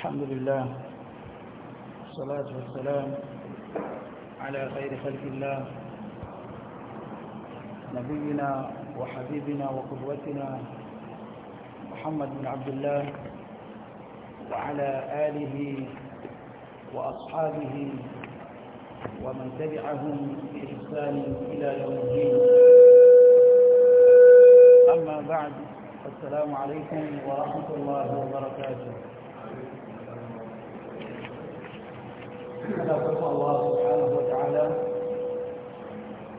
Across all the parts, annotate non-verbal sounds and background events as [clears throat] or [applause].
الحمد لله والصلاة والسلام على خير خلق الله نبينا وحبيبنا وقدوتنا محمد بن عبد الله وعلى آله وأصحابه ومن تبعهم بإحسان إلى يوم الدين أما بعد السلام عليكم ورحمة الله وبركاته kita berdoa Allah Subhanahu wa taala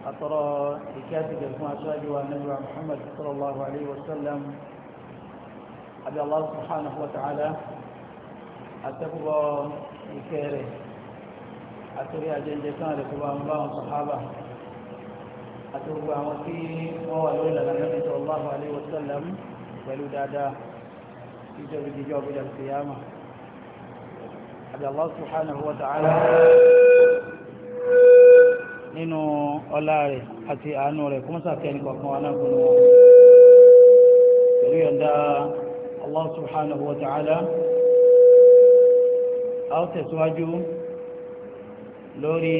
atara ikati jemaah sahaja wa Nabi Muhammad sallallahu alaihi wasallam abi Allah Subhanahu wa taala atakuwa ikere atori ajende sana kwa ambao sahaba atorúgbà àwọn tí wọ́n wà lórí lànà Nabi sallallahu alaihi wasallam pẹ̀lú dáadáa ìjọba ìjọba ìjọba ìyáma àbí Allah subhanahu wa ta'ala nínú ọlá rẹ̀ àti àánú rẹ̀ kún sàkẹ́ nìkọ̀kan wa náà gúnnú wọn pẹ̀lú yọ̀ǹda Allah subhanahu wa ta'ala a ó tẹ̀síwájú lórí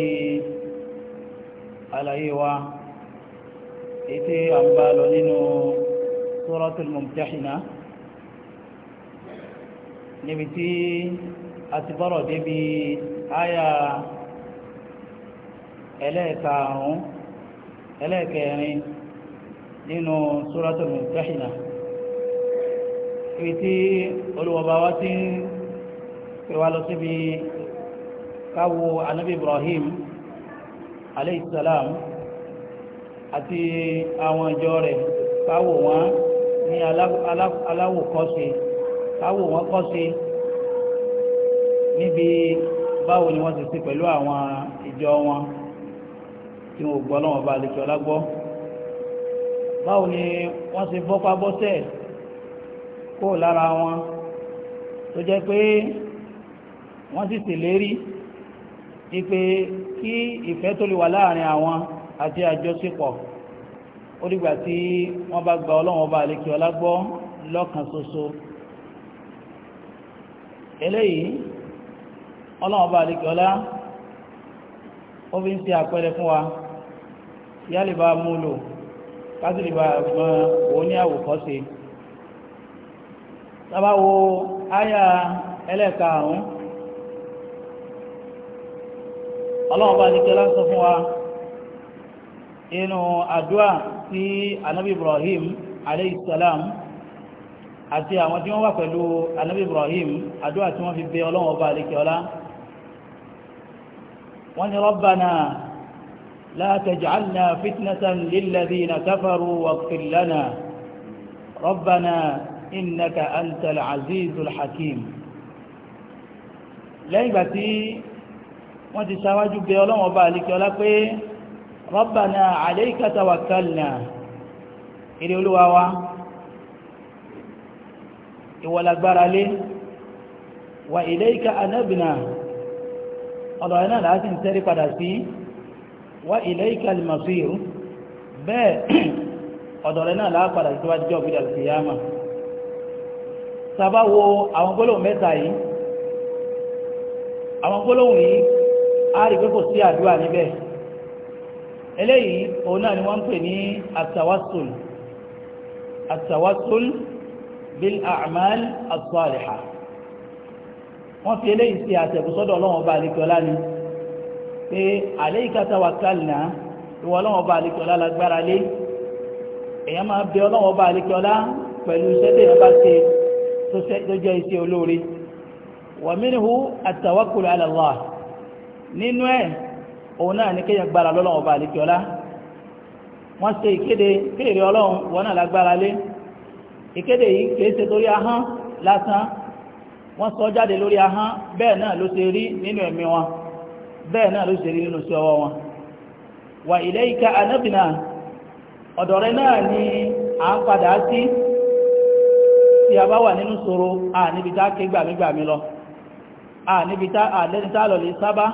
àlàyé wa ètè àmbálọ nínú suratul mumtahina níbi tí àti bọ́rọ̀ débi àyà ẹlẹ́ẹ̀karùn-ún ẹlẹ́ẹ̀kẹrin nínú suratul Mumtahina ibi tí olùwọ̀bá wa ti ń pè wá lọ síbi káwo anabi Ibrahim alayhi salam àti àwọn ìjọ rẹ̀ káwo wọn ní aláwòkọ́ṣe káwo wọn kọ́ṣe níbi báwo ni wọ́n ti sí pẹ̀lú àwọn ìjọ wọn tí wọ́n gbọ́ lọ́wọ́ bá àlejò ọlágbọ́ báwo ni wọ́n ti bọ́pá bọ́sẹ̀ kó lára wọn tó jẹ́ pé wọ́n sì ṣèlérí ipe kí ìfẹ́ tó lè wà láàrin àwọn àti àjọṣepọ̀ ó dìgbà tí wọ́n bá gba ọlọ́run ọba àlekè ọlá lọ́kàn ṣoṣo eléyìí ọlọ́run bá àdékọ́lá ó fi ń ṣe àpẹẹrẹ fún wa ìyá lè bá mú lò kásì lè bá mọ òun ní àwòkọ́ṣe tábà wo áyà ẹlẹ́ẹ̀karùn-ún ọlọ́run bá àdékọ́lá sọ fún wa inú àdúrà sí anabi Ibrahim aleyhi salam àti àwọn tí wọ́n wà pẹ̀lú anabi Ibrahim àdúrà tí wọ́n fi bẹ ọlọ́run ọba àdékọ́lá wọ́n ní ربنا لا تجعلنا فتنة للذين كفروا واغفر لنا ربنا إنك أنت العزيز الحكيم lẹ́yìn ìgbà tí wọ́n ti ṣáwájú bẹ ọlọ́wọ́n ọba àlíkẹ́ ọlá pé ربنا عليك توكلنا ilé olúwa wa ìwọ la gbára lé wa إليك أنبنا ọ̀dọ̀ ẹ̀ náà láti ń tẹ́rí padà sí wá ilaika al-masir bẹ́ẹ̀ [clears throat] ọ̀dọ̀ rẹ̀ náà lápadà sí wájú ọ̀gbìn al-qiyama sábà wo àwọn gbólóhùn mẹ́ta yìí àwọn gbólóhùn yìí a rí pé kò sí àdúrà níbẹ̀ eléyìí òun náà ni wọ́n ń pè ní at-tawassul at-tawassul bil wọ́n fi eléyìí ṣe àtẹ̀kùsọ́dọ̀ ọlọ́run ọba àlekọ́lá ni pé alayka tawakkalna ìwọ ọlọ́run ọba àlekọ́lá lágbára lé èèyàn máa bẹ ọlọ́run ọba àlekọ́lá pẹ̀lú iṣẹ́ tí èèyàn bá ṣe tó jẹ́ iṣẹ́ olóore wa minhu at-tawakkul ala Allah nínú ẹ̀ òun náà ní kéèyàn gbára lọ́lọ́run ọba àlekọ́lá wọ́n ṣe ìkéde kéèrè ọlọ́run wọn náà lágbára lé ìkéde yìí kèé ṣe torí ahọ́n lásán wọ́n sọ jáde lórí ahán bẹ́ẹ̀ náà ló ṣe rí nínú ẹ̀mí wọn bẹ́ẹ̀ náà ló ṣe rí nínú sí ọwọ́ wọn wà ilayka anabna ọ̀dọ̀ rẹ náà ni a ń padà sí a bá wà nínú ṣòro à ké gbàmígbàmí lọ lọ lè sábá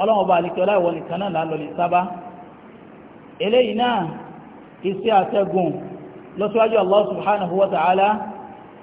ọlọ́run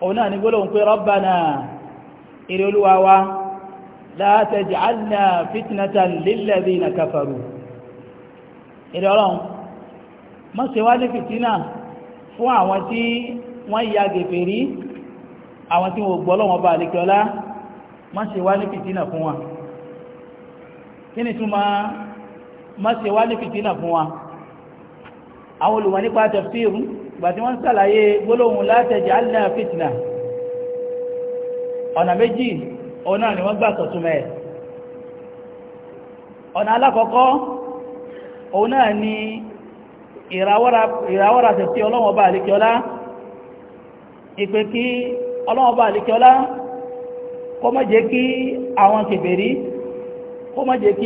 òun náà ni gbólóhùn pé rabbana ìrẹ́ olúwa wa la taj'alna fitnatan lilladhina kafaru ìrẹ́ ọlọ́run má ṣe wá ní fìtínà fún àwọn tí wọ́n ya gèfè rí àwọn tí wọ́n gbọ́ lọ́wọ́ bá àlekọ́lá má ṣe wá ní fìtínà fún wa kí ni túmọ̀ má ṣe wá ní fìtínà fún wa àwọn olùmọ̀ nípa tafsiru gbàtí wọ́n sàlàyé gbólóhùn la taj'alna fitna ọ̀nà méjì ọ̀nà ni wọ́n gbà sọ̀túnmẹ́ ẹ̀ ọ̀nà alákọ̀ọ́kọ́ òun náà ni ìràwọ́ra tẹ̀sí ọlọ́wọ́ bá àlíkíọlá ìpè kí ọlọ́wọ́ bá àlíkíọlá kó má jẹ́ kí àwọn kèfèrí kó má jẹ́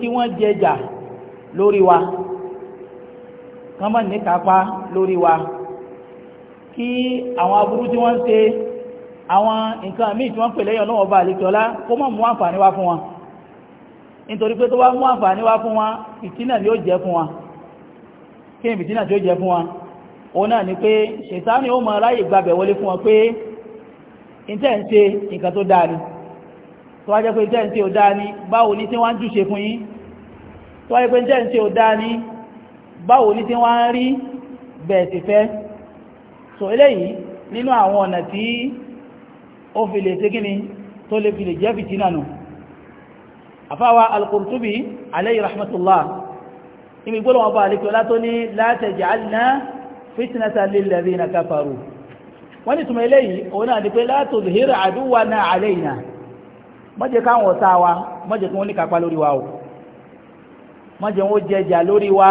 kí wọ́n jẹjà lórí wa kán má ní kápá lórí wa kí àwọn aburú tí wọ́n ń àwọn nǹkan míì tí wọ́n pè lẹ́yìn bá àlekíọ́lá kó má mú àǹfààní wá fún wọn nítorí pé tó bá mú àǹfààní wá fún wọn ìtínà ni ó jẹ́ fún wọn kí ni ìtínà tí ó jẹ́ fún wọn òun náà ni pé ṣètánì ó mọ aláyè gbàbẹ̀ wọlé fún wọn pé ìtẹ́ ń ṣe nǹkan tó dáa ni tó wá jẹ́ pé ìtẹ́ ń ṣe ò dáa ni báwo ni tí wọ́n ń júṣe fún yín tó wá jẹ́ pé ìtẹ́ ń ṣe ò dáa ni báwo ní tí wọ́n ń rí bẹ̀ẹ̀ sì fẹ́ so eléyìí nínú àwọn ọ̀nà tí ó fi lè síkíní tó lè fi lè jẹ́ fìtínà nù àfáwà al-Qurtubi alayhi rahmatullah ibi gbọ́lọ̀ wọn bá alẹ́kẹ́ ọlá tó ní la taj'alna fitnatan lilladhina kafaru wọ́n ní túnmọ̀ eléyìí òun náà ni pé la tuzhir aduwana alayna mọ́jẹ́ káwọn ọ̀tá wa mọ́jẹ́ kí wọ́n ní kápá lórí wa o mọ́jẹ́ wọ́n jẹjà lórí wa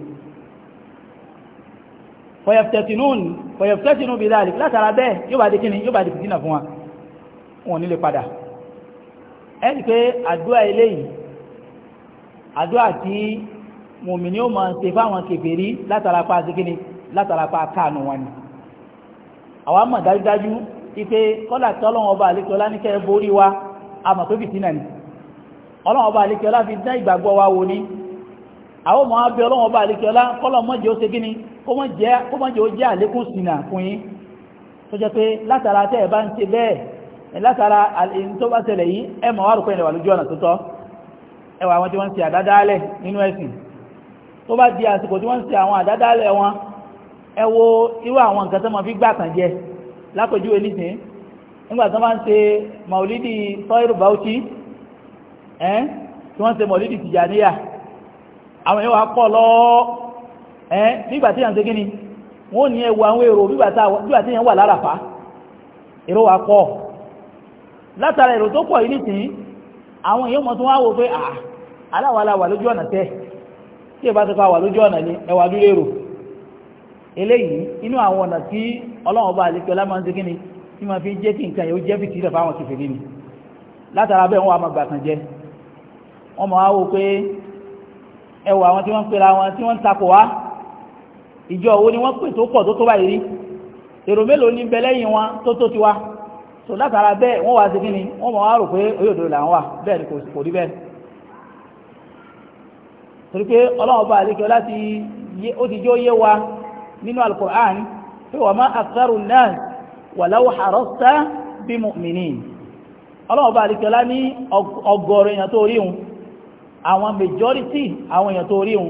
fọ̀yẹ̀fẹ́tìnú bí láàrín látara bẹ́ẹ̀ yóò bá di kíni yóò bá di fìdínà fún wa wọn nílé padà ẹni pé àdúrà eléyìí àdúrà tí mùmìnì ó máa ṣe fáwọn kèfèrí látara pa sí kíni látara pa káànù wọn ni àwa mọ̀ dájúdájú ipe kọ́lá tí ọlọ́run ọba àlékọ́lá ní kẹ́ borí wa a mọ̀ pé fìdínà ni ọlọ́run ọba àlékọ́lá fi dá ìgbàgbọ́ wa wò ni àwọn ọmọ abẹ ọlọ́run ọba àlékọ́lá kọ́lọ́ mọ́jẹ́ ó kó mọ́ jẹ́ ó jẹ́ àlékún sínà fún yín tó jẹ́ pé látara tẹ́ ẹ̀ bá ń ṣe bẹ́ẹ̀ látara àlèyìn tó bá ṣẹlẹ̀ yìí ẹ mọ̀ wá rúpẹ́ ìrẹ̀wà lójú ọ̀nà tó tọ́ ẹwà àwọn tí wọ́n ń ṣe àdádálẹ̀ nínú ẹ̀sìn tó bá di àsìkò tí wọ́n ń ṣe àwọn àdádálẹ̀ wọn ẹ wo irú àwọn nǹkan tó mọ fi gbàtàn jẹ lápèjúwe nísìn nígbà tó máa ń ṣe màòlídì sọ́ìrù Bauchi ẹ́ tí wọ́n ń ṣe màòlídì Tìjàníyà àwọn yóò pọ̀ lọ́ọ́ ẹ́ nígbà tí yàn ń ṣe kí wọ́n ní ẹwà àwọn èrò nígbà yàn wà lára fa èrò wà pọ̀ látara èrò tó pọ̀ yìí nìsín àwọn èèyàn mọ̀ tó wá wò pé à aláwàlá lójú ti fa wà lójú ọ̀nà ni ẹwà dúró èrò eléyìí inú àwọn ọ̀nà tí ọlọ́run bá ma fi jẹ́ kí nǹkan yóò jẹ́ látara bẹ́ẹ̀ wọ́n a máa gbàtàn ẹwà àwọn tí wọ́n ìjọ wo ni wọ́n pè tó pọ̀ tó tó báyìí rí èrò mélòó ní bẹlẹ́yìn wọn tó tó ti wá so látara bẹ́ẹ̀ wọ́n wá sí kí ni wọ́n mọ̀ wá rò pé oyòdó là ń wà bẹ́ẹ̀ ni kò rí bẹ́ẹ̀ torí pé ọlọ́run bá àwọn majority àwọn èèyàn tó rí hun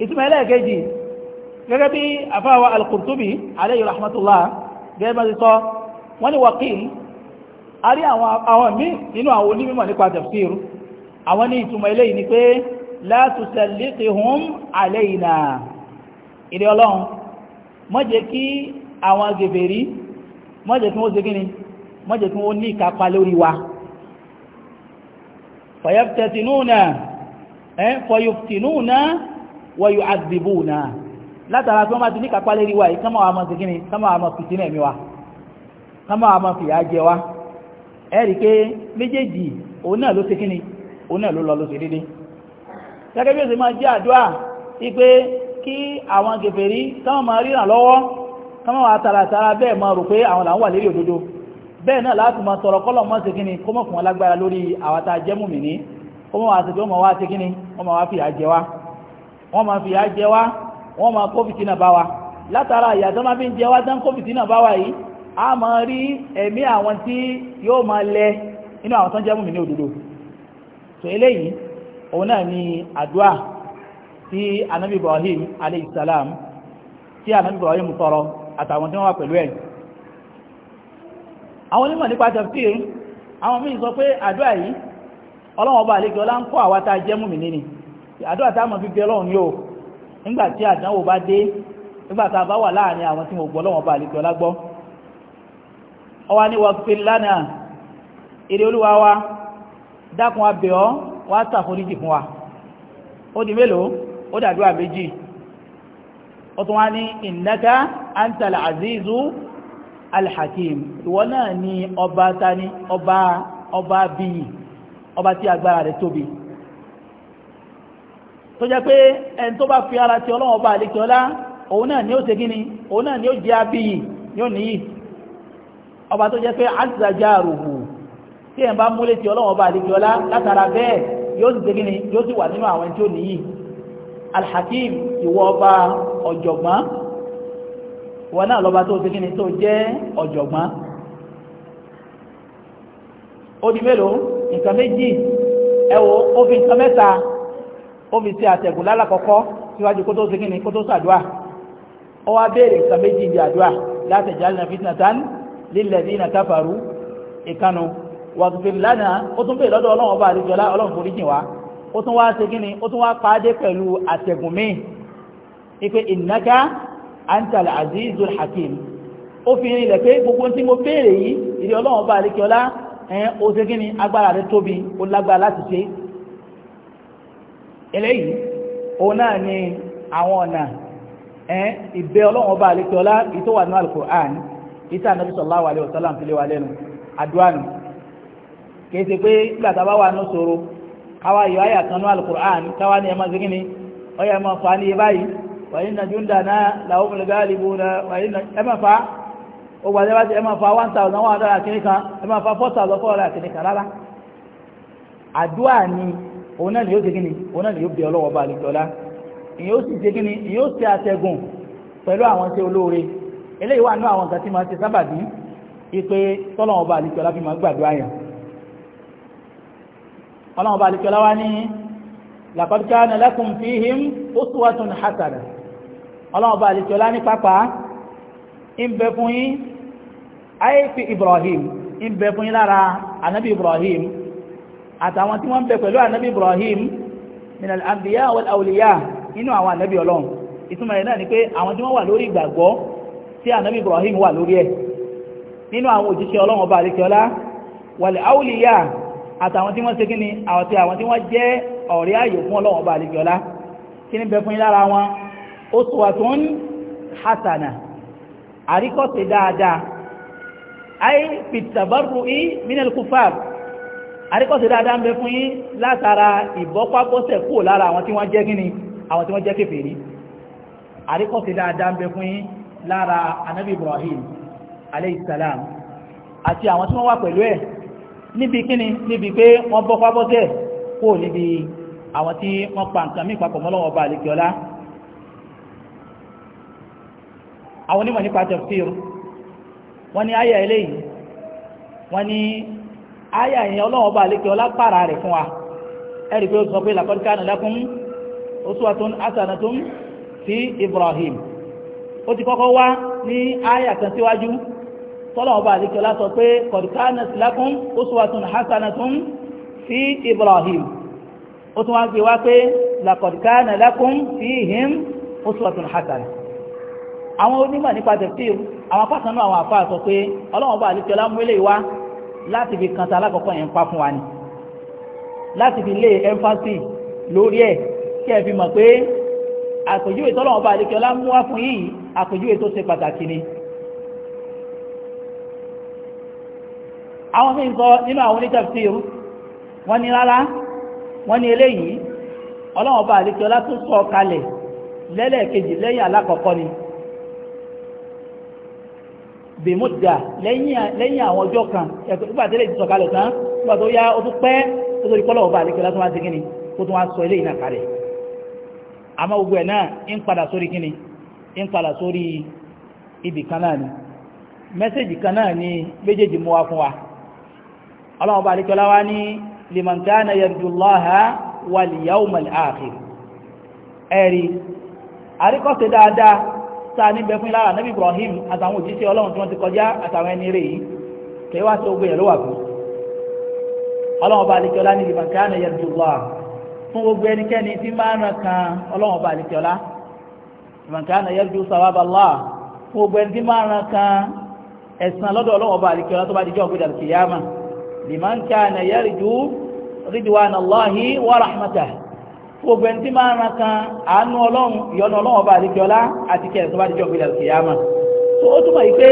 ìtumọ̀ ẹlẹ́ẹ̀kejì gẹ́gẹ́ bí àfáwà al-Qurtubi alayhi rahmatullah gẹ́gẹ́ bá ti sọ wọ́n ni wakil a rí àwọn mí nínú àwọn onímọ̀ nípa tafsir àwọn ní ìtumọ̀ eléyìí ni pé la tusallitihum alayna ilé ọlọ́run wọ́n yóò àdìbò náà látara tí wọ́n bá ti ní kápá lérí wa yìí ká máa mọ̀ sí kíni ká máa mọ̀ fìtí náà mi wa ká máa mọ̀ fìyà jẹ wa ẹ rí i pé méjèèjì òun náà ló ṣe kíni òun náà ló lọ ló ṣe dédé gẹ́gẹ́ bí ó ṣe máa jẹ́ àdúrà wípé kí àwọn gèfèrí káwọn máa ríran lọ́wọ́ káwọn wà tààràtàrà bẹ́ẹ̀ máa rò pé àwọn làwọn wà lérí òdodo bẹ́ẹ̀ náà láti máa tọrọ kọ́lọ̀ mọ́ sí kó mọ̀ fún wọn lágbára lórí àwọn tá a jẹ́ mùmìnì kó mọ̀ wá sí pé wọ́n wá fìyà jẹ wa wọ́n máa fìyà jẹ wá wọ́n máa kó fìtínà bá wa látara ìyà tó máa fi ń jẹ wá tán kó fìtínà bá wa yìí a máa rí ẹ̀mí àwọn tí yóò máa lẹ inú àwọn tó ń jẹ́ mùmínì òdodo tó eléyìí òun náà ni àdúà tí anabi ibrahim alayhi salam tí anabi ibrahim tọrọ àtàwọn tí wọ́n wà pẹ̀lú ẹ̀ àwọn onímọ̀ nípa tafsir àwọn míì sọ pé àdúà yìí ọlọ́wọ́n bá àlejò ọlá ń kọ́ àwa tá a jẹ́ mùmínì ni àdúrà tá a mọ̀ fífi ọlọ́run ní o nígbà tí àdánwò bá dé nígbà tá a bá wà láàrin àwọn tí mo gbọ́ lọ́wọ́ bá àlejò ọlágbọ́ ọwá ní wọ́pẹ́ lánàá èrè olúwa wa dákun abẹ́ ọ wá ṣàforíjì fún wa ó di mélòó ó dàdúrà méjì ó tún wá ní ìnáka antal azizu alhakim ìwọ náà ni ọba tani ọba ọba bíyì ọba tí agbára rẹ̀ tóbi tó jẹ́ pé ẹni tó bá fi ara ti ọlọ́run ọba àlekè ọlá òun náà ni ó ṣe gíní òun náà ni ó jẹ́ abíyì ni ó níyì ọba tó jẹ́ pé àtìsàjá àrùhù tí ẹ̀ bá múlé ti ọlọ́run ọba àlekè ọlá látara bẹ́ẹ̀ yóò sì ṣe gíní yóò sì wà nínú àwọn tí ó níyì alhakim ìwọ ọba ọ̀jọ̀gbọ́n ìwọ náà lọ́ba tó ṣe gíní tó jẹ́ ọ̀jọ̀gbọ́n ó di mélòó nǹkan méjì ẹ̀wọ̀ ó fi nǹkan mẹ́ta ó fi ṣe àtẹ̀gùn lálàkọ́kọ́ síwájú kó tó ṣe kíni kó tó ṣàdúà ó wá béèrè nǹkan méjì ibi àdúà la tajalna fitnatan lilladhina kafaru ìkanu waghfir lana ó tún bèèrè lọ́dọ̀ ọlọ́run ọba àdìjọlá ọlọ́run forí jìn wá ó tún wá ṣe kíni ó tún wá hakim ó fi rin ilẹ̀ pé gbogbo tí mo béèrè yìí ìdí ọlọ́run ọba àdìjọlá ẹ̀ ó ṣe eléyìí òun náà ni àwọn ọ̀nà ìbẹ́ ọlọ́run ọba àlekè ọlá ìtọ́wà ní alukur'an ìtà nàbí sallallahu alaihi wasallam fi lé wa lẹ́nu àdúrà nù kìí ṣe pé nígbà tá a bá wà ní sòro káwa yọ àyà kan ní alukur'an káwa ni ẹ máa segin ni ọyà máa fa ní báyìí wàyí na jundana lahumul ghalibuna wàyí na ẹ máa fa ó wà ní wáṣẹ ẹ máa fa one thousand one hundred àti nìkan ẹ máa fa four thousand four hundred àti nìkan rárá àdúrà ni òun náà ni yóò ṣe kíni òun náà ni yóò bẹ ọlọ́wọ́ bá àlejò ọlá ìyóò sì ṣe kíni ìyóò ṣe àtẹ̀gùn pẹ̀lú àwọn ṣe olóore eléyìí wà ní àwọn nǹkan tí máa ṣe sábàbí ipe tọ́lọ́wọ́ bá àlejò ọlá fi máa gbàdúrà yàn ọlọ́wọ́ bá àlejò ọlá wá ní laqad kana lakum fihim uswatun hasanah ọlọ́wọ́ bá àlejò ọlá ní pápá ń yín ayé Ibrahim ń bẹ fún yín lára anabi Ibrahim àtàwọn tí wọ́n ń bẹ pẹ̀lú ànábì Ibrahim minal anbiya wal awliya nínú àwọn ànábì Ọlọ́run ìtumọ̀ rẹ̀ náà ni pé àwọn tí wọ́n wà lórí ìgbàgbọ́ tí ànábì Ibrahim wà lórí ẹ̀ nínú àwọn òjíṣẹ́ Ọlọ́run ọba àríkẹ́ọlá wal awliya àtàwọn tí wọ́n ṣe kíni àti àwọn tí wọ́n jẹ́ ọ̀rẹ́ ààyò fún Ọlọ́run ọba àríkẹ́ọlá kí ni bẹ fún yín lára wọn uswatun hasana àríkọ́ṣe dáadáa ay fi tabarru'i minal kufar àríkọ́sí dáadáa ń bẹ fún yín látara ìbọ́pábọ́sẹ̀ kúrò lára àwọn tí wọ́n jẹ́ gíní àwọn tí wọ́n jẹ́ kèfèrí àríkọ́sí dáadáa ń bẹ fún yín lára anábì Ibrahim aleyhisselam àti àwọn tí wọ́n wà pẹ̀lú ẹ̀ níbi kíni níbi pé wọ́n bọ́pábọ́sẹ̀ kúrò níbi àwọn tí wọ́n pa nǹkan mí papọ̀ mọ́lọ́wọ́ bá àlekíọ́lá àwọn onímọ̀ nípa tafsir wọ́n ní àyà eléyìí wọ́n ní àyà yẹn ọlọ́run ọba àlékè ọlá pààrà rẹ̀ fún wa ẹ̀rí pé ó sọ pé laqad kana lakum uswatun hasanatun fi Ibrahim ó ti kọ́kọ́ wá ní àyà kan síwájú tọ́lọ́run ọba àlékè ọlá sọ pé qad kana lakum uswatun hasanatun fi Ibrahim ó tún wá gbé kana lakum fihim uswatun hasanatun àwọn onímọ̀ nípa tẹ̀síù àwọn apá kan náà àwọn àfa sọ pé ọlọ́run ọlá mú eléyìí wá láti fi kanta alákọ̀ọ́kọ́ yẹn pa fún wa ni láti fi lé emphasis lórí ẹ̀ kí ẹ fi mọ̀ pé àpèjúwe tọ́lọ́wọ́n bá àdékẹ́ mú wá fún yìí àpèjúwe tó ṣe pàtàkì ni àwọn mí sọ nínú àwọn onítafsir wọ́n ní rárá wọ́n ní eléyìí ọlọ́wọ́n bá àdékẹ́ ọlá tó sọ kalẹ̀ lẹ́lẹ́kejì lẹ́yìn alákọ̀ọ́kọ́ ni bèmúdà lẹ́yìn àwọn ọjọ́ kan nígbà tẹ́lẹ̀ ti sọ̀kalẹ̀ tán nígbà tó yá ó tún pẹ́ ó tó di kọ́lọ̀ ọba àlekèlá tó máa ti kíni kó tó máa sọ eléyìí náà kalẹ̀ àmọ́ gbogbo ẹ̀ náà ń padà sórí kíni ń padà sórí ibì kan náà ni mẹ́sẹ̀jì kan náà ni méjèèjì mú wa fún wa ọlọ́run ọba wa ní liman kana yarjullaha wal yawmal àríkọ́sẹ̀ dáadáa tá a níbẹ̀ fún yín lára nabi ibrahim àtàwọn òjíṣẹ́ ọlọ́run tí wọ́n ti kọjá àtàwọn ẹni rè yìí kẹ́ẹ́ wá sí ogun yẹn ló wà fún ọlọ́run ọba àlekẹ́ọ́lá ní ìbànkẹ́ àná yẹn ju wà fún gbogbo ẹnikẹ́ni tí máa ń kan ọlọ́run ọba àlekẹ́ọ́lá ìbànkẹ́ àná yẹn ju sàwábàlá fún gbogbo ẹni tí máa ń kan ẹ̀sán lọ́dọ̀ ọlọ́run ọba àlekẹ́ọ́lá tó bá dijọ́ gbé dàlùkìyàmà ridwan allahi wa gbogbo ẹni tí máa ń ran kan àánú ọlọ́run ìyọ́nú ọlọ́run ọba àdìjọlá àti kẹrẹ tó bá dìjọ gbé lẹ́nu kìyàmà tó ó túmọ̀ yìí pé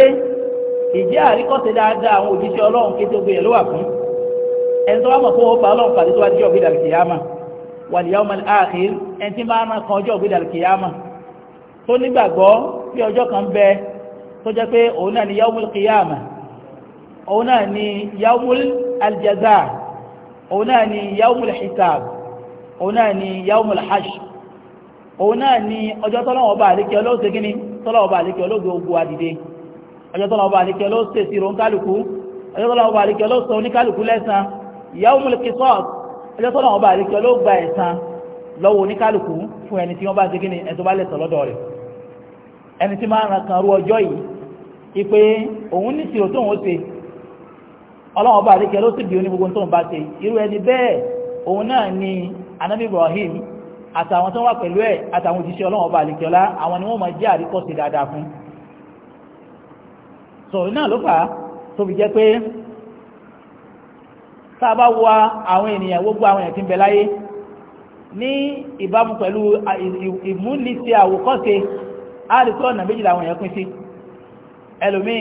ìjẹ́ àríkọ́sẹ̀ dáadáa àwọn òjíṣẹ́ ọlọ́run kí tó gbé yẹn ló wà fún ẹni tó bá mọ̀ fún ọba ọlọ́run pàdé tó bá dìjọ gbé lẹ́nu kìyàmà wal yawmal akhir ẹni tí máa ń ran ọjọ́ gbé òun náà ni yaumul hajj òun náà ni ọjọ́ tọ́lọ́wọ́ bá àlékẹ́ olóòsè gíní tọ́lọ́wọ́ bá àlékẹ́ olóògbé ogun àdìde ọjọ́ tọ́lọ́wọ́ bá àlékẹ́ olóòsè sí ronkálukú ọjọ́ tọ́lọ́wọ́ bá àlékẹ́ olóòsè oníkálukú lẹ́san yaumul qisas ọjọ́ tọ́lọ́wọ́ bá àlékẹ́ olóògbà ẹ̀san lọ́wọ́ oníkálukú fún ẹni tí wọ́n bá ṣe gíní ẹni tó bá lẹ́san lọ́dọ̀ rẹ̀ ẹni tí máa ń ran kan ni anábì ibrahim àtàwọn tó wà pẹ̀lú ẹ̀ àtàwọn òjíṣẹ́ ọlọ́run ọba àlekẹ́ọ́lá àwọn ni wọ́n máa jẹ́ àríkọ́sí dáadáa fún sọ̀rọ̀ náà ló fà á tó fi jẹ́ pé tá a bá wa àwọn ènìyàn gbogbo àwọn èèyàn tí ń bẹ láyé ní ìbámu pẹ̀lú ìmúnisí àwòkọ́ṣe àríkọ́ ọ̀nà méjìlá àwọn èèyàn pín sí ẹlòmíì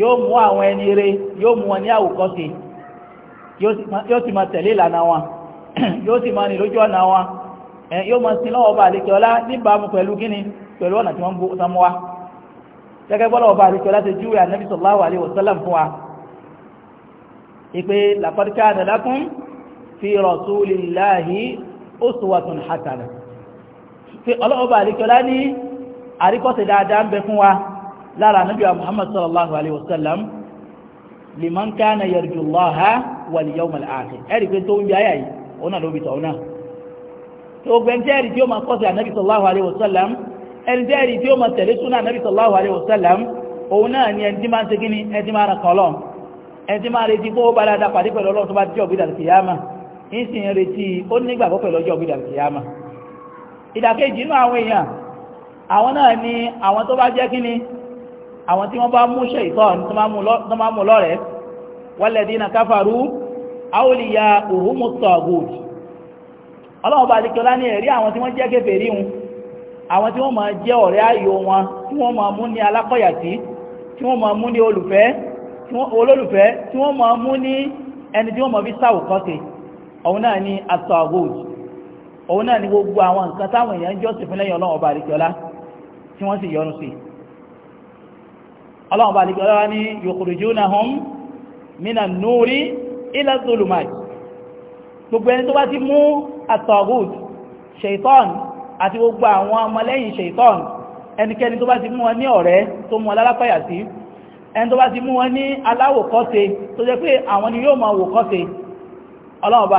yóò mú àwọn ẹni rere yóò mú wọn ní àwòkọ́ṣe yóò sì máa tẹ̀lé ìlànà wọn [clears throat] yóò sì máa ní lójú ọ̀nà wọn yóò máa sin lọ́wọ́ ọba àlekè ọlá níbàámu pẹ̀lú kíni pẹ̀lú ọ̀nà tí wọ́n ń mú wa gẹ́gẹ́ bọ́lá ọba àlekè ọlá ti júwe ànábì sallallahu alaihi wasallam fún wa ìpè laqad kana lakum fi rasulillahi uswatun hasanah fi ọlọ́ọ̀bà àlekọ́lá ní àríkọ́sẹ̀ dáadáa ń bẹ fún wa lára ànábì wa muhammad sallallahu alaihi wasallam liman kana yarjullaha wal yawmal akhir ẹ̀rí pé tó ń bí òun náà ló bí tọ̀hún náà tó gbẹ́n jẹ́rìí tí ó máa kọ́sí ànábì sallallahu alaihi wasallam ẹni jẹ́rìí tí ó máa tẹ̀lé súnà ànábì sallallahu alaihi wasallam òun náà ni ẹni tí máa ń segin ní ẹni tí máa ràn kọ́lọ̀ ẹni tí máa retí kó bá dáadáa pàdé pẹ̀lú ọlọ́run tó bá jẹ́ òbídà kìyàmà ń sì ń retí ó nígbàgbọ́ pẹ̀lú kìyàmà àwòlìyà òhùnmù tọ̀gùd ọlọ́run bá lè kíọlá ní ẹ̀rí àwọn tí wọ́n jẹ́ kéfèé rí wọn àwọn tí wọ́n máa jẹ́ ọ̀rẹ́ ayò wọn tí wọ́n máa mú ní alákọ̀yàtí tí wọ́n máa mú ní olùfẹ́ olólùfẹ́ tí wọ́n máa mú ní ẹni tí wọ́n máa fi sáwùkọ́sẹ̀ òun náà ni atọ̀gùd òun náà ni gbogbo àwọn nǹkan táwọn nuri ila zulumat gbogbo ẹni tó bá ti mú àtọ̀gùd ṣèitọ́n àti gbogbo àwọn ọmọlẹ́yìn ṣèitọ́n ẹnikẹ́ni tó bá ti mú wọn ní ọ̀rẹ́ tó mú alálápàyà sí ẹni tó bá ti mú wọn ní aláwòkọ́ṣe tó jẹ́ pé àwọn ni yóò máa wòkọ́ṣe ọlọ́ọ̀bá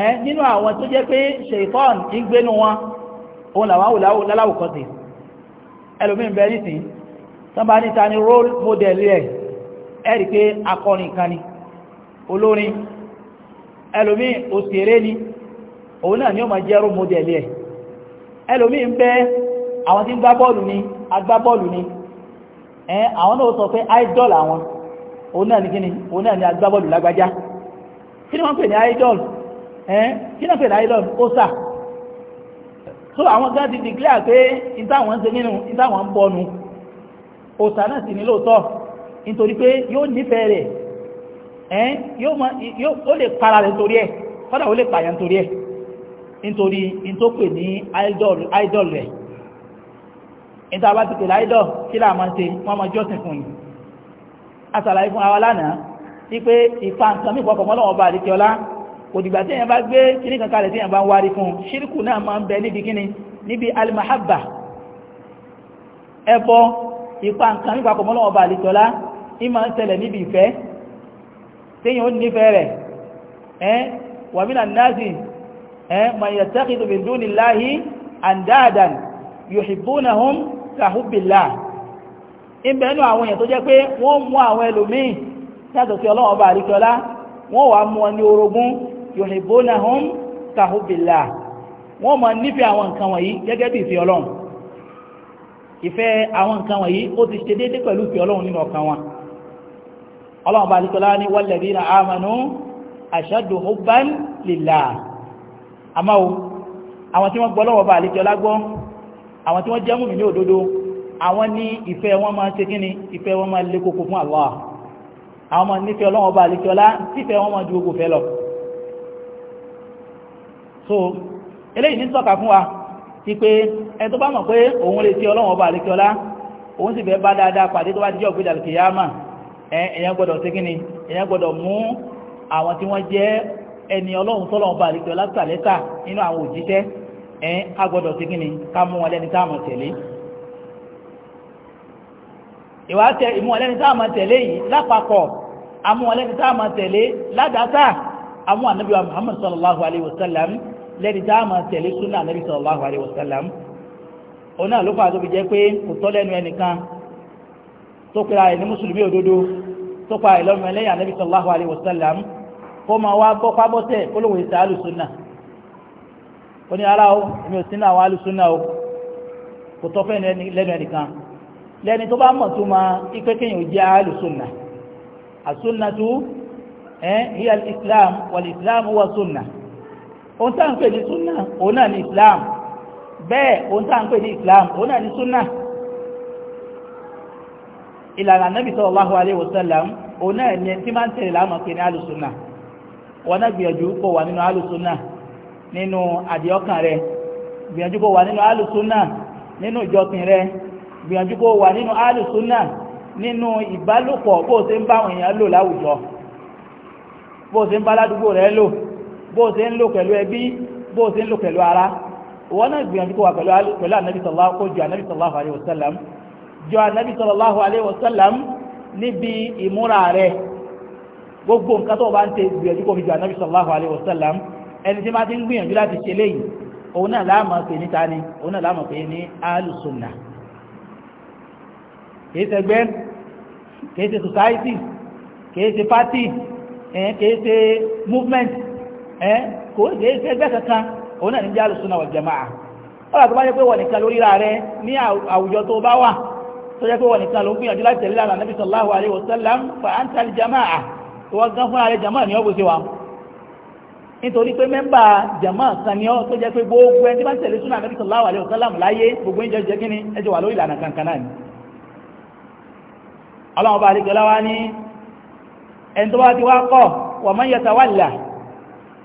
ẹ̀ nínú àwọn tó jẹ́ pé ṣèitán ìgbénu wọn òun làwọn láláwùkọ́ sí ẹlòmí ń bẹ nìsín tán bá níta ni role model rẹ̀ ẹ̀rì pé akọrin kan ni olórin ẹlòmí òṣèré ni òun náà ni ó ma jẹ́ role model rẹ̀ ẹlòmí ń bẹ àwọn tí ń gbá ni agbábọ́ọ̀lù ni ẹ̀ àwọn náà sọ pé idol àwọn òun náà ni kíni òun náà ni agbábọ́ọ̀lù lágbájá kí ni wọ́n pè ní idol ẹ́ kí náà pẹ̀lú àìlọ́n ó sà so àwọn kan ti declare pé ìtàwọn ń ṣe nínú ìtàwọn ń bọnu òsà náà sì ní lóòótọ́ nítorí pé yóò nífẹ̀ẹ́ rẹ̀ ẹ́ yóò lè para rẹ̀ nítorí ẹ̀ kọ́dà ó lè pààyàn nítorí ẹ̀ nítorí ìtòpè ní idol rẹ̀ ìta bá ti pèlè idol kí láà máa ṣe wọ́n máa jọ́sìn fún yìí a ṣàlàyé fún àwa lánàá wípé ìfàǹkan mìí pọkànmọ́lọ́wọ́ bá àdíkẹ́ ọlá òdìgbà tí èyàn bá gbé kíní kan kalẹ̀ tí èyàn bá ń wárí fún ṣírkù náà máa ń bẹ níbi kíní níbi alimahabba ẹbọ ipa nǹkan nípa pọ̀ mọ́lọ́wọ́ bá àlìtọ́lá ní máa ń tẹ̀lẹ̀ níbi ìfẹ́ téèyàn ó nífẹ̀ẹ́ rẹ̀ ẹ́ wa mina nasi ẹ́ man yattakhidhu min dunillahi andadan yuhibbunahum ka hubbillah ìbẹ̀ nínú àwọn èèyàn tó wọ́n mú mú ọ ní orogún yuhibbunahum ka hubbillah wọ́n máa nífẹ̀ẹ́ àwọn nǹkan wọ̀nyí gẹ́gẹ́ bí ìfẹ́ ọlọ́run ìfẹ́ àwọn nǹkan wọ̀nyí ó ti ṣe déédé pẹ̀lú ìfẹ́ ọlọ́run nínú ọkàn wọn ọlọ́run bá dìkọ́lá ní walladhina amanu ashaddu hubban lillah àmọ́ o àwọn tí wọ́n gbọ́ lọ́wọ́ bá àlejò lágbọ́ àwọn tí wọ́n jẹ́ mùmí ní òdodo àwọn ní ìfẹ́ wọn máa ṣe kíni ìfẹ́ wọn so eléyìí ní sọ́ka fún wa ti pé ẹni tó bá mọ̀ pé òun lè tí ọlọ́wọ̀n ọba àríkíọlá òun sì fẹ́ bá dáadáa pàdé tó bá jẹ́ òpin dàlùkìyàmà èèyàn gbọ́dọ̀ sí kíni èèyàn gbọ́dọ̀ mú àwọn tí wọ́n jẹ́ ẹni ọlọ́run tọ́lọ́wọ̀n ọba àríkíọlá tàlẹ́tà nínú àwọn òjíṣẹ́ ẹ̀yìn agbọ́dọ̀ sí kíni ká mú wọn lẹ́ni táàmù tẹ̀lé ìwà tẹ ìmú wọn lẹ́ni táàmù tẹ̀lé yìí lápapọ̀ amú wọn lẹ́ni táàmù tẹ̀lé Muhammad sallallahu alayhi wa sallam lẹ́ni tá a tẹ̀lé súnà nàbí sallallahu alaihi wasallam náà ló fà tó jẹ́ pé kò tọ́ lẹ́nu ẹnìkan tó pera ẹ̀ mùsùlùmí òdodo tó pa ẹ̀ ẹlẹ́yà nàbí sallallahu alaihi kó máa wá bọ́ pábọ́tẹ̀ ara o èmi ò sínú àwọn alùsùnà ohun tá ń pè ní súnà òun náà islam bẹ́ẹ̀ ohun tá ń pè ní islam òun náà ní súnà ìlànà anábì sallallahu alaihi òun náà ní tí máa ń tẹ̀lé láàmú pé ní alùsùnà wọn náà gbìyànjú wà nínú alùsùnà nínú àdìọ́kàn rẹ gbìyànjú kó wà nínú alùsùnà nínú rẹ gbìyànjú wà nínú alùsùnà nínú ìbálòpọ̀ bó o ń bá àwọn èèyàn lò láwùjọ bó ṣe ń lò pẹ̀lú ẹbí bó ṣe ń lò pẹ̀lú ara wọn náà gbìyànjú kó wà pẹ̀lú anabi sallallahu kó jọ anabi sallallahu alayhi wa sallam jọ anabi sallallahu alayhi wa sallam níbi ìmúra rẹ gbogbo nǹkan tó o bá ń ṣe gbìyànjú kó fi jọ anabi sallallahu alayhi wa sallam ẹni tí máa ti ń gbìyànjú láti ṣe léyìí òun náà láàmà pé níta ni òun náà láàmà pé ní alùsùnà kìí ṣe ẹgbẹ́ kìí ṣe society kìí ṣe party kìí ṣe movement ẹ́ eh, kò ṣe é ṣe ẹgbẹ́ kankan òun náà ní jẹ́ alùsùnà wal jama'a ọ̀rọ̀ tó bá jẹ́ pé wọ̀ nìkan lórí rà rẹ ní àwùjọ tó bá wà tó jẹ́ pé wọ̀ nìkan ló ń gbìyànjú láti tẹ̀lé lánàá nabi sallallahu alaihi wasallam fa anta al jama'a ìwọ gan fúnra rẹ jama'a ni ọ bó ṣe wà nítorí pé mẹ́mbà jama'a kan ni ọ tó jẹ́ pé gbogbo ẹni tí bá ń tẹ̀lé súnà nabi sallallahu alaihi wasallam láyé gbogbo ẹni jẹ́ kí ẹjọ́ wà lórí ìlànà kankan náà ni ọlọ́run bá rí gọlá ní ẹni tó bá ti wá kọ́ wà man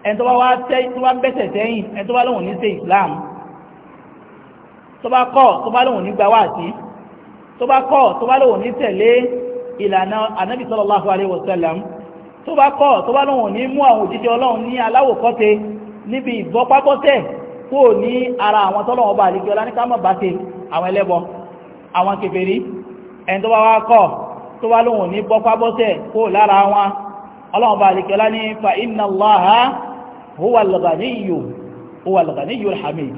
ẹni tó bá wá tẹ́ tó bá bẹ́sẹ̀ sẹ́yìn ẹni tó bá lóhùn ní ṣe islam tó bá kọ̀ tó bá lóhùn ní gba wáàsí tó bá kọ̀ tó bá lóhùn ní tẹ̀lé ìlànà anabi sallallahu alayhi wa sallam tó bá kọ̀ tó bá lóhùn ní mú àwọn òjíṣẹ́ ọlọ́run ní aláwòkọ́ṣe níbi ìbọ́pápọ́tẹ̀ kó ní ara àwọn tọ́lọ́wọ́n bá àlejò ọlá ní ká mọ̀ bá ṣe àwọn ẹlẹ́bọ àwọn kèfèrí ẹni tó bá wá kọ̀ tó bá lóhùn ní bọ́pápọ́tẹ̀ kó lára wọn ọlọ́run bá àlejò ọlá ní fa inna allaha huwa al-ghaniyyu huwa al-ghaniyyu al-hamid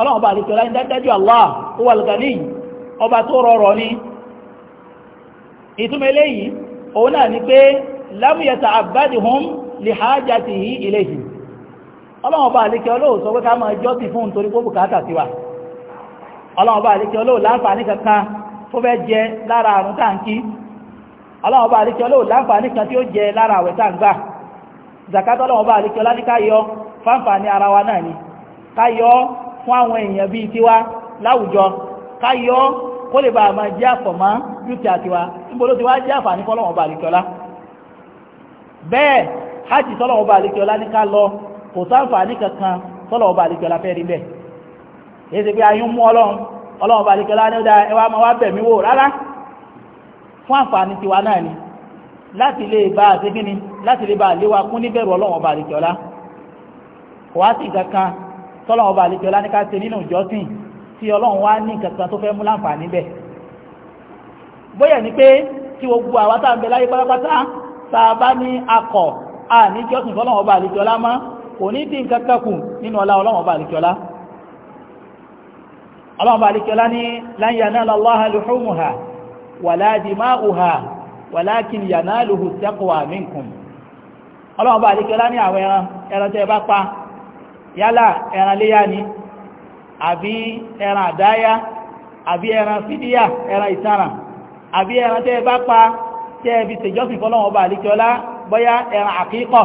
ọlọ́run bá àdìsọ́lá ń dájú allah huwa al-ghaniy ọba tó rọrọ̀ ni ìtumọ̀ eléyìí òun náà ni pé lam yata'abbadhum li hajatihi ilayhi ọlọ́run bá àdìsọ́ olóò sọ pé ká máa jọ́ ti fún torí gbogbo kàátà sí wa ọlọ́run bá àdìsọ́ olóò láǹfààní kankan tó fẹ́ jẹ lára àrùn táǹkì ọlọ́run bá àdìsọ́ olóò láǹfààní kan tí ó jẹ lára àwẹ̀ táǹgbà zakatọ́ lọ́wọ́ bá àríkẹ́ láníká yọ fáǹfààní ara wa náà ni ká yọ fún àwọn èèyàn bíi tiwa láwùjọ ká yọ kó lè bá a máa jẹ́ àfọ̀mọ́ dúkìá tiwa níbo ló ti wá jẹ́ àǹfààní fọ́lọ́wọ́ bá àríkẹ́ ọlá bẹ́ẹ̀ hajj tọ́lọ́wọ́ bá àríkẹ́ ọlá ní ká lọ kò sáǹfààní kankan tọ́lọ́wọ́ bá ní ni láti lè bá àti gíní láti lè bá àléwà kún níbẹ̀rù ọlọ́wọ̀n ọba àlejòlá kò wá sí kankan tọ́lọ́wọ̀n ọba àlejòlá ní ká ṣe nínú ìjọsìn tí ọlọ́run wá ní kankan tó fẹ́ mú láǹfààní bẹ̀ bóyá ni pé tí gbogbo àwa ń bẹ láyé pátápátá a bá ní akọ̀ a ní jọ́sìn fọ́lọ́wọ̀n ọba àlejòlá mọ́ kò ní dín kankan walakin yanaluhu taqwa minkum ọlọ́run bá àdíkẹ́lá ní àwọn ẹran ẹran tẹ́ bá pa yálà ẹran léyà ni àbí ẹran àdáyá àbí ẹran fídíà ẹran ìtara àbí ẹran tẹ́ bá pa tẹ́ àdíkẹ́lá bọ́yá ẹran àkíkọ̀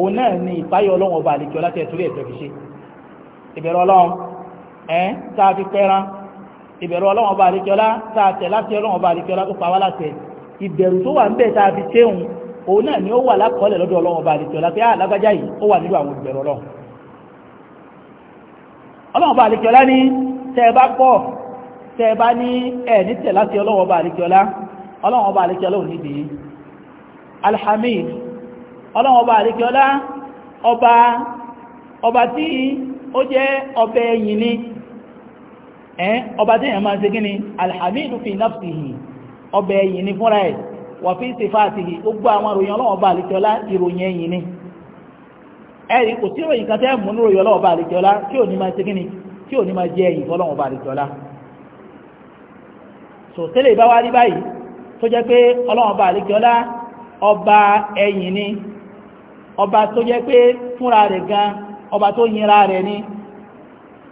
O náà ni ìpáyọ̀ ọlọ́run ọba àlejò láti ẹ̀túrí ẹ̀tọ́ fi ṣe ìbẹ̀rù ọlọ́run ẹ̀ tá a fi pẹ́ran ìbẹ̀rù ọlọ́run ọba àlejò lá tá a tẹ̀ láti ọlọ́run ọba àlejò lá tó pa wá láti ìbẹ̀rù tó wà ń bẹ̀ tá a fi òun náà ni ó wà lákọọ́lẹ̀ lọ́dọ̀ ọlọ́run ọba àlejò pé yìí ó wà àwọn ọlọ́run ọlọ́run ọba àlejò ọlọ́run ọba àríkíọlá ọba ọba tí ó jẹ́ ọbẹ̀ ẹ̀yìn ni ẹ́n ọba tí èèyàn máa ṣe gíní alhamidu fi nafsihi ọbẹ̀ ẹ̀yìn ni fúnra ẹ̀ wà fi sifatihi gbogbo àwọn ìròyìn ọlọ́run ọba àríkíọlá ìròyìn ẹ̀yìn ni ẹ̀rí kò sí ìròyìn kan tẹ́ mú ní ìròyìn ọlọ́run ọba àríkíọlá tí ò ní máa ṣe gíní tí ò ní máa ẹ̀yìn fọ́lọ́run so tẹ́lẹ̀ ìbáwá rí báyìí tó jẹ́ pé ọlọ́run ọba ẹ̀yìn ni ọba tó jẹ́ pé fúnra rẹ̀ gan ọba tó yínra rẹ̀ ní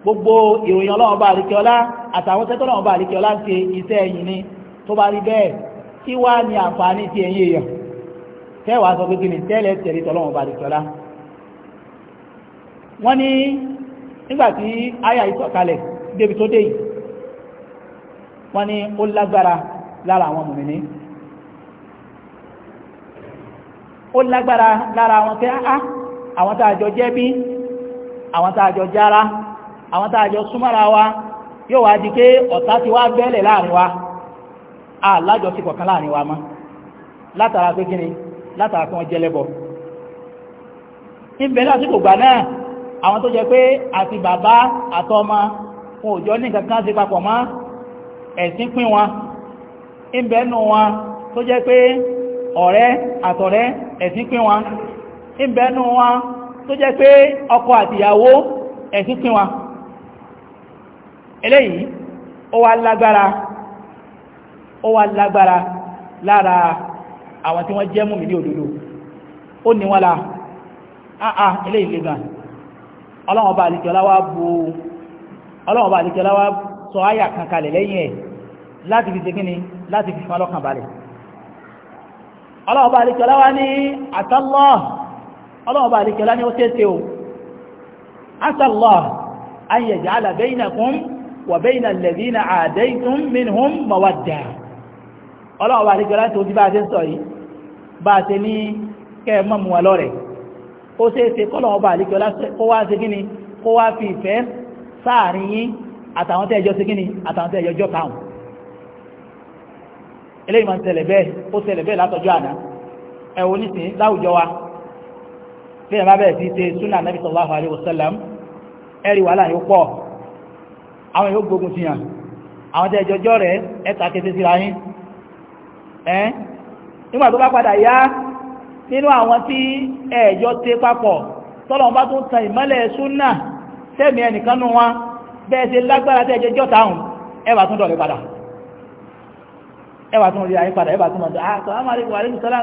gbogbo ìròyìn ọlọ́run ọba àríkẹ́ọlá àtàwọn tẹ́tọ́lọ́ àríkẹ́ọlá ṣe iṣẹ́ ẹ̀yìn ni tó bá rí bẹ́ẹ̀ kí wá ní àǹfààní ti sọ kí tẹ́lẹ̀ tẹ̀lé ó lágbára lára àwọn tẹ́ á àwọn tààjọ jẹ́bí àwọn tààjọ jára àwọn tààjọ súnmọ́ra wa yóò wá di ọ̀tá ti wá bẹ́ẹ̀lẹ̀ láàrin wa alájọsípọ̀ kan láàrin wa mọ́ látara pé gíní látara pé wọ́n jẹ́lẹ́bọ̀ ìbẹ̀ gbà náà àwọn tó jẹ pé àti bàbá àtọmọ ní sí papọ̀ mọ́ ọ̀rẹ́ àtọ̀rẹ́ ẹ̀sìn pín wa ìbẹ̀nú wọn tó jẹ́ pé ọkọ àtìyàwó ẹ̀sìn pín wọn eléyìí ó wá lágbára ó wá lágbára lára àwọn tí wọ́n jẹ́ mú mi ní òdodo ó ní wọ́n la àà eléyìí lè gan ọlọ́wọ́n bá àlìkẹ́lá wá bu ọlọ́wọ́n bá àlìkẹ́lá wá sọ áyà kankalẹ̀ lẹ́yìn láti fi ṣe kíni láti fi fún ọlọ́kàn balẹ̀ ọlọ́ọ̀bá àríkẹ́lá wá ní àtàlọ́ ọlọ́ọ̀bá àríkẹ́lá ní ó tẹ́tẹ́ o àtàlọ́ an yaj'ala bainakum wa bayna alladhina 'adaytum minhum mawadda ọlọ́ọ̀bá àríkẹ́lá tó ti bá a ti ń sọ yìí bá a ti ní kẹ́ mọ́ mu wà eléyìí máa ń ṣẹlẹ̀ bẹ́ẹ̀ ó ṣẹlẹ̀ bẹ́ẹ̀ látọjọ́ àná ẹ̀wọ̀n onísìn láwùjọ wa bí ẹ̀ bá bẹ̀rẹ̀ sí ṣe súnà nàbí sallallahu alaihi wasallam ẹ̀rí wàhálà yóò pọ̀ àwọn yóò gbógun ti yàn àwọn tẹ́ ìjọjọ́ rẹ̀ ẹ̀ta kété síra yín ẹ́ nígbà tó bá padà yá nínú àwọn tí ẹ̀jọ́ tẹ papọ̀ tọ́lọ̀ bá tún tan ìmọ́lẹ̀ súnà sẹ́mi ẹnìkan nù wọn bẹ́ẹ̀ ṣe lágbára tẹ́ ìjọjọ́ táwọn ẹ̀wà tún dọ̀lẹ́ padà ẹwà tún rí ayé padà ẹwà tún mọ̀ àtọ́ àmàlẹ́kùn àlẹ́kùsọ́lá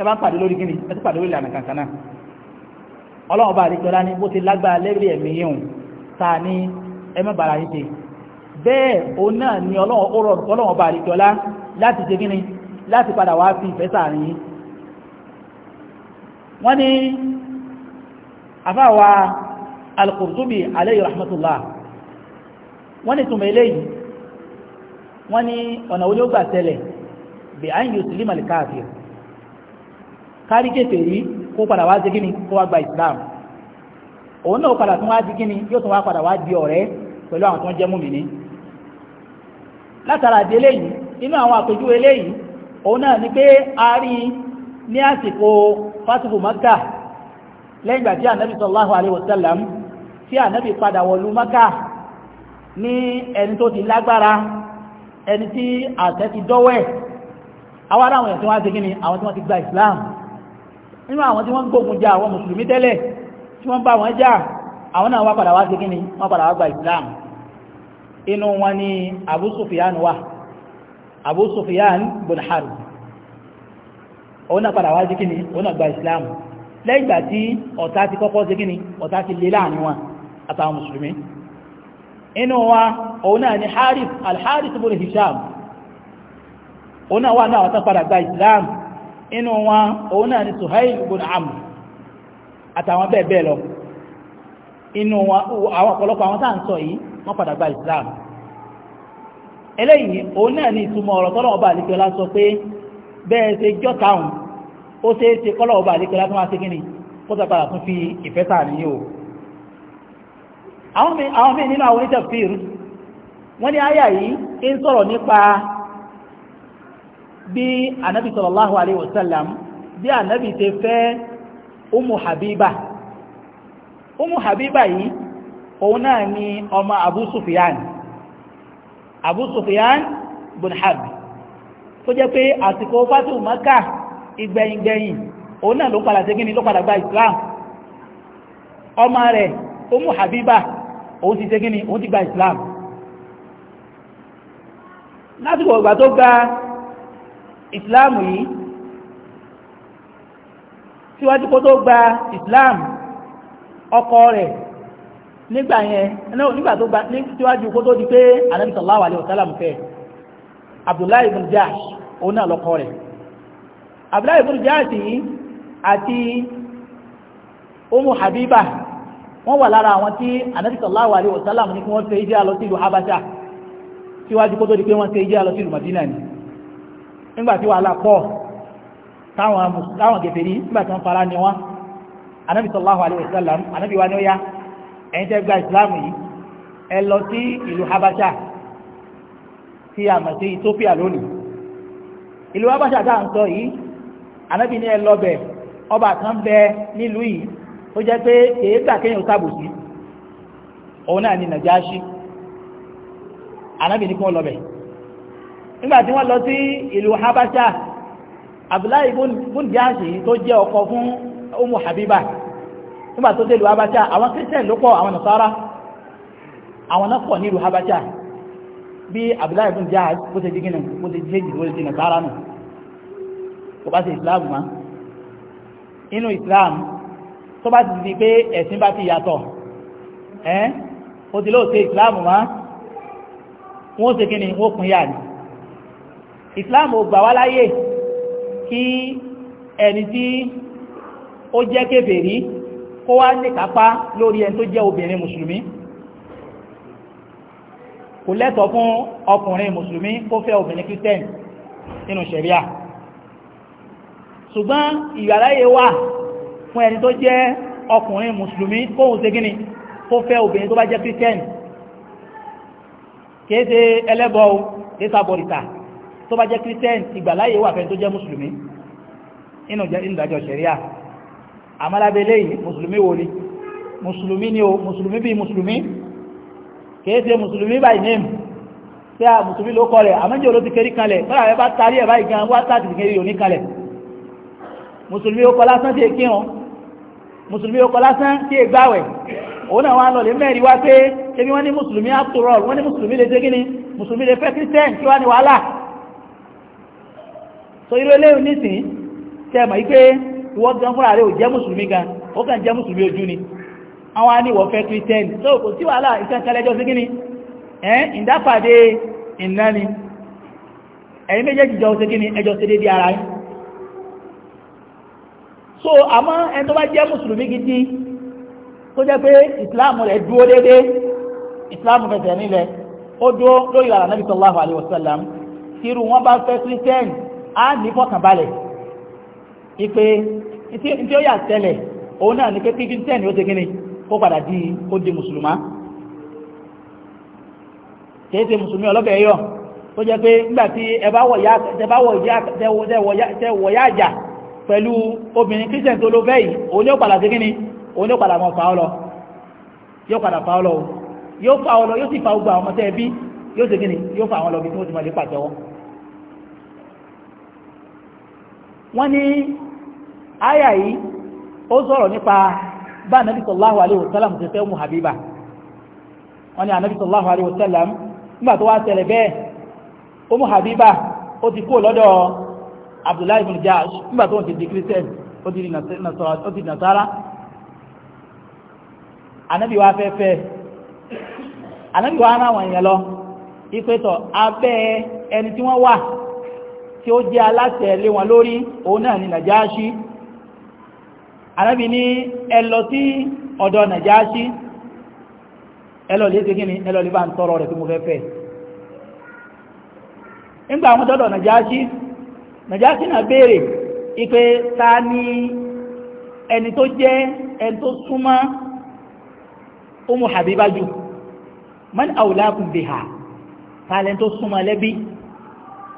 ẹbá pàdé lórí kíni ẹtí pàdé lórí ìlànà kankan náà ọlọ́run bá àdékọ́lá ní bó ti lágbára lẹ́rí ẹ̀mí yìí ta ní ẹmẹ́bàrà yìí ṣe bẹ́ẹ̀ o náà ni ọlọ́run bá àdékọ́lá láti ṣe kíni láti padà wá fi ìfẹ́ sáàrin yìí wọ́n ní àfáwà al-Qurtubi alayhi wọ́n ní túnmọ̀ wọ́n ní ọ̀nà olóògbà tẹ́lẹ̀ bí a ń yóò sí límọ̀lì káàfin kárí kèfèrí kó padà wá gba islam o náà padà tún wá sí kíni yóò tún wá padà pụlụ di ọ̀rẹ́ pẹ̀lú àwọn látara di eléyìí inú àwọn àpèjúwe eléyìí òun ni a rí ní àsìkò fásitì tí sallallahu alaihi tí Anabi ti àwọn ará àwọn èèyàn tí wọ́n á ṣe kí ni àwọn tí wọ́n ti gba islam nínú àwọn tí wọ́n ń gbógun jà àwọn mùsùlùmí tẹ́lẹ̀ tí wọ́n bá wọn jà àwọn náà wá padà wá ṣe kí ni wọ́n padà wá gba islam inú wọn ni abu sufiyan wa abu sufiyan bulhar. harb òun náà padà wá ṣe kí ni òun náà gba islam lẹ́yìn ìgbà tí ọ̀tá ti kọ́kọ́ ṣe kí ni ọ̀tá ti lé láàrin wọn àtàwọn mùsùlùmí inú wa òun náà ni harith al-harith òun náà wà náà wọ́n gba islam inú wọn òun náà ni suhail ibn amr àtàwọn bẹ́ẹ̀ bẹ́ẹ̀ lọ inú àwọn ọ̀pọ̀lọpọ̀ àwọn táà ń sọ yìí wọ́n padà gba islam eléyìí òun náà ni ìtumọ̀ ọ̀rọ̀ ọba àlekẹ́lá sọ pé bẹ́ẹ̀ ṣe ó ṣe é bí anabi sallallahu alaihi wasallam bí anabi ti fẹ́ umu habiba umu habiba yìí òun náà ni ọmọ abu sufiyan abu sufiyan bin harb tó jẹ́ pé àsìkò fatu maka ìgbẹ̀yìngbẹ̀yìn òun náà ló padà sí kíni ló padà gba islam ọmọ rẹ̀ umu habiba òun ti sí kíni òun ti gba islam lásìkò ìgbà tó gba ìsìláàmù yìí síwájú kó tó gba ìsìláàmù ọkọ rẹ̀ nígbà yẹn nígbà tó gba síwájú kó tó di pé Ànábì sallallahu alaihi wasallam fẹ́ Abdullahi ibn Jahsh òun náà lọ́kọ rẹ̀ Abdullahi ibn Jahsh yìí àti Umu Habiba wọ́n wà lára àwọn tí Ànábì sallallahu alaihi wasallam ní kí wọ́n ṣe ìjẹ́ àlọ́sílù Habasha síwájú kó tó di pé wọ́n ṣe ìjẹ́ àlọ́sílù Madina ni nígbàtí wà lápọ̀ táwọn gẹ̀fẹ̀rí nígbàtí wọ́n fara ní wọ́n anábì sallallahu alaihi wasallam anábì wa ní ó yá ẹ̀yin tẹ́ gba ìsìláàmù yìí ẹ lọ sí ìlú habasha tí a mọ̀ sí ethiopia lónìí ìlú habasha tá à ń sọ yìí anábì ní ẹ lọ ọba kan bẹ nílùú yìí ó jẹ́ pé èyí gbà kéèyàn sábòsí òun náà ni nàjáṣí anábì ní kí wọ́n nígbàtí wọ́n lọ sí ìlú habasha abdullahi bun jaasi tó jẹ́ ọkọ fún umu habiba nígbà tó dé ìlú habasha àwọn christian ló pọ̀ àwọn nasara àwọn náà pọ̀ ní ìlú habasha bí abdullahi bun jaasi bó ti dígínà bó ti jẹ́jì bó ti di nasara nù kò bá ṣe islam mọ́ inú islam tó bá ti di pé ẹ̀sìn bá ti yàtọ̀ ẹ́ o ti lóò islam mọ́ wọ́n ṣe kí ni wọ́n pín yà ni islam ò gbà wá láyè kí ẹni tí ó jẹ́ kèfèrí kó wá ní kápá lórí ẹni tó jẹ́ obìnrin mùsùlùmí kò lẹ́tọ̀ọ́ fún ọkùnrin mùsùlùmí kó fẹ́ obìnrin christian nínú ṣẹ̀ríà ṣùgbọ́n ìyàláyé wà fún ẹni tó jẹ́ ọkùnrin mùsùlùmí kóhun ṣe gíní kó fẹ́ obìnrin tó bá jẹ́ christian kìí ṣe ẹlẹ́bọ kìí ṣàbọ̀rìtà tó bá jẹ́ christian ìgbàláyè wà fẹ́ tó jẹ́ mùsùlùmí inú ìdájọ́ sẹ̀ríà àmàlábẹ́lẹ́ yìí mùsùlùmí wo ni mùsùlùmí ni o mùsùlùmí bí mùsùlùmí kìí ṣe mùsùlùmí by name tí a mùsùlùmí ló kọ́ rẹ̀ àmọ́jẹ́ oló ti kéré kalẹ̀ fọ́nà rẹ̀ bá tarí ẹ̀ báyìí gan wá tàbí kéré yóò ní kalẹ̀ mùsùlùmí ó kọ́ lásán tí è kírun mùsùlùmí ó kọ́ lásán tí è òun náà wọ́n lọ lè mẹ́rin wá pé ṣe wọ́n ní mùsùlùmí after all wọ́n ní mùsùlùmí lè ṣe kí ni mùsùlùmí lè fẹ́ christian kí wá ní wàhálà so irú eléyìí nísìn tẹ́ mọ̀ wípé ìwọ gan fúnra rẹ̀ ò jẹ́ mùsùlùmí gan ó kàn jẹ́ mùsùlùmí ojú ni àwọn aníwọ̀ fẹ́ christian so kò sí wàhálà ìkẹ́kẹ́lẹ́jọ́ sí kíni ẹ̀ ìdápàdé ìnáni ẹ̀yin méjèèjì jọ ṣe kíni ẹjọ́ ṣe dédé ara yín so àmọ́ ẹni tó bá jẹ́ mùsùlùmí gidi tó jẹ́ pé ìsìláàmù rẹ̀ dúó dédé ìsìláàmù fẹsẹ̀ nílẹ̀ ó dúó lórí ìlànà nàbì sallallahu alaihi wasallam tírú wọn bá fẹ́ kírísítẹ́nì a ní fọkànbalẹ̀ ipe tí ó yà tẹ́lẹ̀ òun náà ní pé kí kírísítẹ́nì ó ti gíní kó padà di ó di mùsùlùmá kìí ṣe mùsùlùmí ọlọ́bẹ̀ yọ tó jẹ́ pé nígbàtí ẹbá wọ̀ yá àjà pẹ̀lú obìnrin kírísítẹ́nì tó ló fẹ́ yìí òun ní ó padà sí gíní òun ní ó padà mọ̀ fàálọ̀ yóò padà fàálọ̀ yóò fàálọ̀ yóò sì fa gbogbo àwọn ọmọ tẹ́ ẹbí yóò sì gíní yóò fa àwọn lọ bí tí wọ́n ti mọ̀ lé pàtẹ́wọ́ wọ́n ní àyà yìí ó sọ̀rọ̀ nípa bá ànábì sallallahu alaihi wasallam ti fẹ́ mú Habiba wọ́n ní ànábì sallallahu alaihi wasallam nígbà tó wá tẹ̀lẹ̀ bẹ́ẹ̀ ó mú Habiba ó ti kú lọ́dọ̀ Abdullahi ibn Jahsh tí ó jẹ́ aláṣẹ lé wọn lórí òun náà ni nàjáṣí anábì ní ẹ lọ ọ̀dọ̀ nàjáṣí ẹ lè ṣe kí ni ẹ lọ lè bá ń tọrọ rẹ̀ tí mo fẹ́ fẹ́ nígbà àwọn tọ́dọ̀ nàjáṣí nàjáṣí náà béèrè ipe ta ni ẹni tó jẹ́ ẹni tó súnmọ́ Umu Habiba jù man aulakum biha ta lẹ́ni tó súnmọ́ lẹ́bí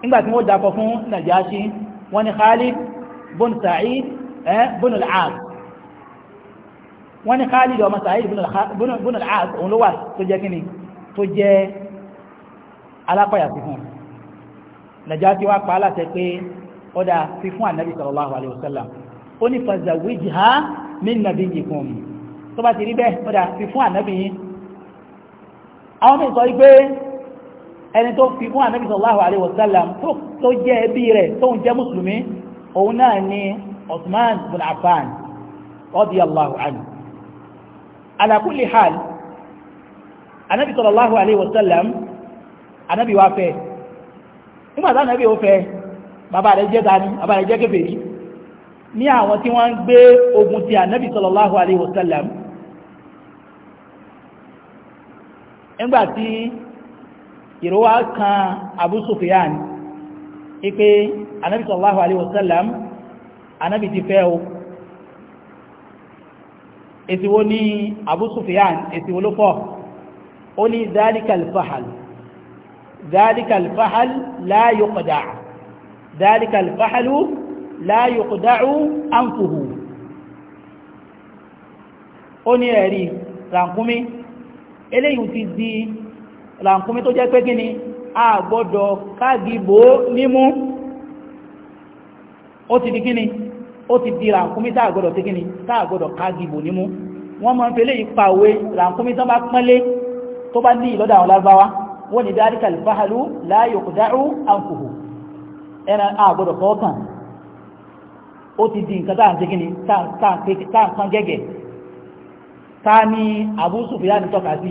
nígbàtí wọ́n dákọ̀ fún Najashi wọ́n ni Khalid bin Sa'id bin al-As wọ́n ni Khalid ọmọ Sa'id bin al-As òun ló wà tó jẹ́ kíni tó jẹ́ alápàyà sí fún Najashi wá pa aláṣẹ pé ọdá fi fún ànábì sallallahu alaihi wasallam ó ní fazawwijha min nabiyyikum tó bá ti rí bẹ́ẹ̀ ọdá fi fún ànábì yìí àwọn mẹ́sàn-án ẹni tó fi fún ànábì sallallahu alaihi wasallam tó jẹ́ ẹbí rẹ̀ tó ń jẹ́ mùsùlùmí òun náà ni Uthman bin Affan radiyallahu anhu ala kulli hal ànábì sallallahu alaihi wasallam ànábì wá fẹ́ nígbà tí ànábì ó fẹ́ bàbá rẹ̀ jẹ́ dání bàbá rẹ̀ jẹ́ kèfèrí ní àwọn tí wọ́n ń gbé ogun ti ànábì sallallahu alaihi wasallam ìrówá kan Abu Sufyan ipé anábi sallallahu alaihi wasallam anábi ti fẹ́ o èsìwò ní Abu Sufyan èsìwò ló fọ́ ó ní zalikal fahal zalikal fahal la yuqda zalikal fahalu la yuqda anfuhu ó ní ẹ̀rí ràǹkúmí eléyìí ti di ràǹkúmí tó jẹ́ pé kí ni a gbọ́dọ̀ kágibò nímú ó ti di kí ni ó ti di ràǹkúmí tá àgbọ́dọ̀ ti kí ni tá àgbọ́dọ̀ kágibò nímú wọ́n mọ́ ń fẹ́lẹ̀ ìpàwé ràǹkúmí tán bá pánlé tó bá ní ìlọ́dà àwọn lárúbáwá wọ́n ni dáríkà ìfáhàlú láàyò kùdáhù àǹkùhù ẹran àgbọ́dọ̀ fọ́ọ̀kàn ó ti di nǹkan táà ń tẹ́kíní táà ń pán gẹ́gẹ́ táà ní Abu Sufyan tọ́ka sí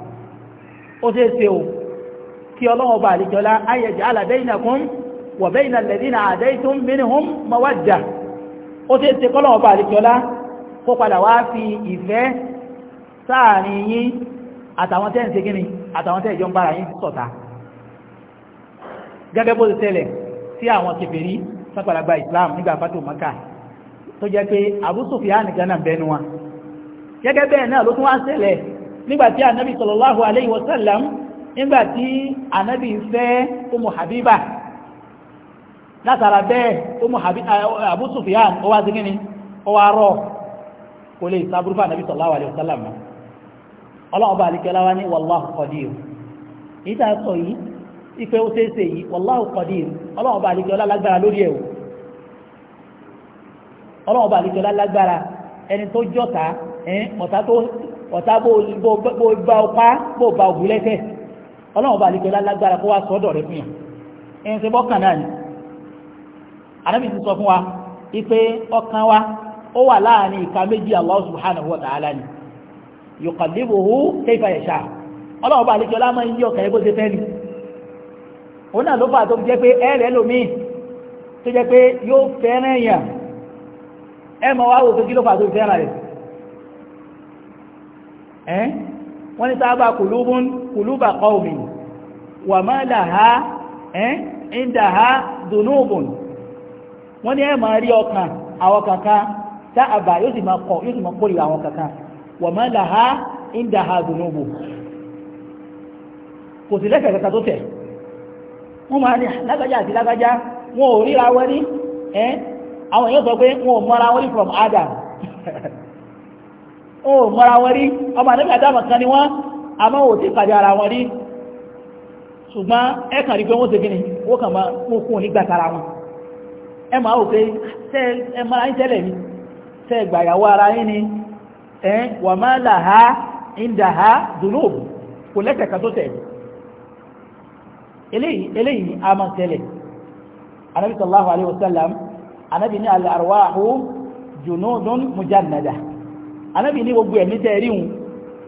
ó ṣe ṣe o kí ọlọ́wọ́ bá àlejọ́lá ayẹ̀jẹ̀ alàbẹ́yìnàkún wọ̀bẹ́yìnà lẹ́dínà àdẹ́ìtún mínúhùn mawadda ó ṣe ṣe kọ́lọ́wọ́ bá àlejọ́lá kó padà wá fi ìfẹ́ sáàrin yín àtàwọn tẹ́ ń ṣe kíni àtàwọn tẹ́ ìjọ ń bára yín ṣọ̀tá gẹ́gẹ́ bó ti tẹ́lẹ̀ sí àwọn kèfèrí sápàlagbà Islam nígbà bẹ́ẹ̀ náà ló tún wá ṣẹlẹ̀ nígbàtí ànábì sallallahu alayhi wa sallam nígbàtí ànábì fẹ́ Ummu Habiba látara bẹ́ẹ̀ Ummu Habiba eh, Abu Sufyan ó wá sí gíní ó wá rọ kò lè sábúrúfà ànábì sallallahu alayhi wa sallam ọlọ́run bá àlíkẹ́ láwá ní wallahu qadir èyí tá a sọ yìí ife ó ṣe é ṣe yìí wallahu qadir tó ọ̀tá bó bá ọpá bó bá ògùn lẹ́sẹ̀ ọlọ́run bá àlejò lálágbára kó wá sọ́dọ̀ rẹ fún yàn ẹ̀yìn ṣe bọ́kàn náà ni anábì ti sọ fún wa ipe ọkàn wa ó wà láàrin ìka méjì Allah subhanahu wa ta'ala tó kí ló fà tó fẹ́ràn rẹ̀ ẹ́ eh? wọ́n ní sábà kùlúbà qawmin wà ha làhá eh? ẹ́ ha dùnúbùn wọ́n ní ẹ̀ máa rí ọkàn àwọn kankan tá yóò sì máa yóò sì máa àwọn kankan wà má làhá ìdàhá dùnúbùn kò sí kankan tó tẹ̀ wọ́n máa ah, àti lágbájá wọn ò ríra ẹ́ eh? àwọn èèyàn sọ pé wọn ò mọ́ra from Adam [laughs] O mara wari ọ ma na àdámọ̀ kan ni a ma ò ti ara wọn rí ṣùgbọ́n ẹ kàn rí pé wọ́n ṣe gíní wọ́n kàn máa mú wọn ẹ ma wò pé ẹ mara ń tẹ́lẹ̀ ara yín ni ẹ wà là ha ń dà ha dùnú òbí kò lẹ́sẹ̀ kan tó tẹ̀ eléyìí eléyìí a ma tẹ́lẹ̀ anabi sallallahu alayhi wa sallam anabi mujannada anábì ní gbogbo ẹ̀mí tẹ́ ríhun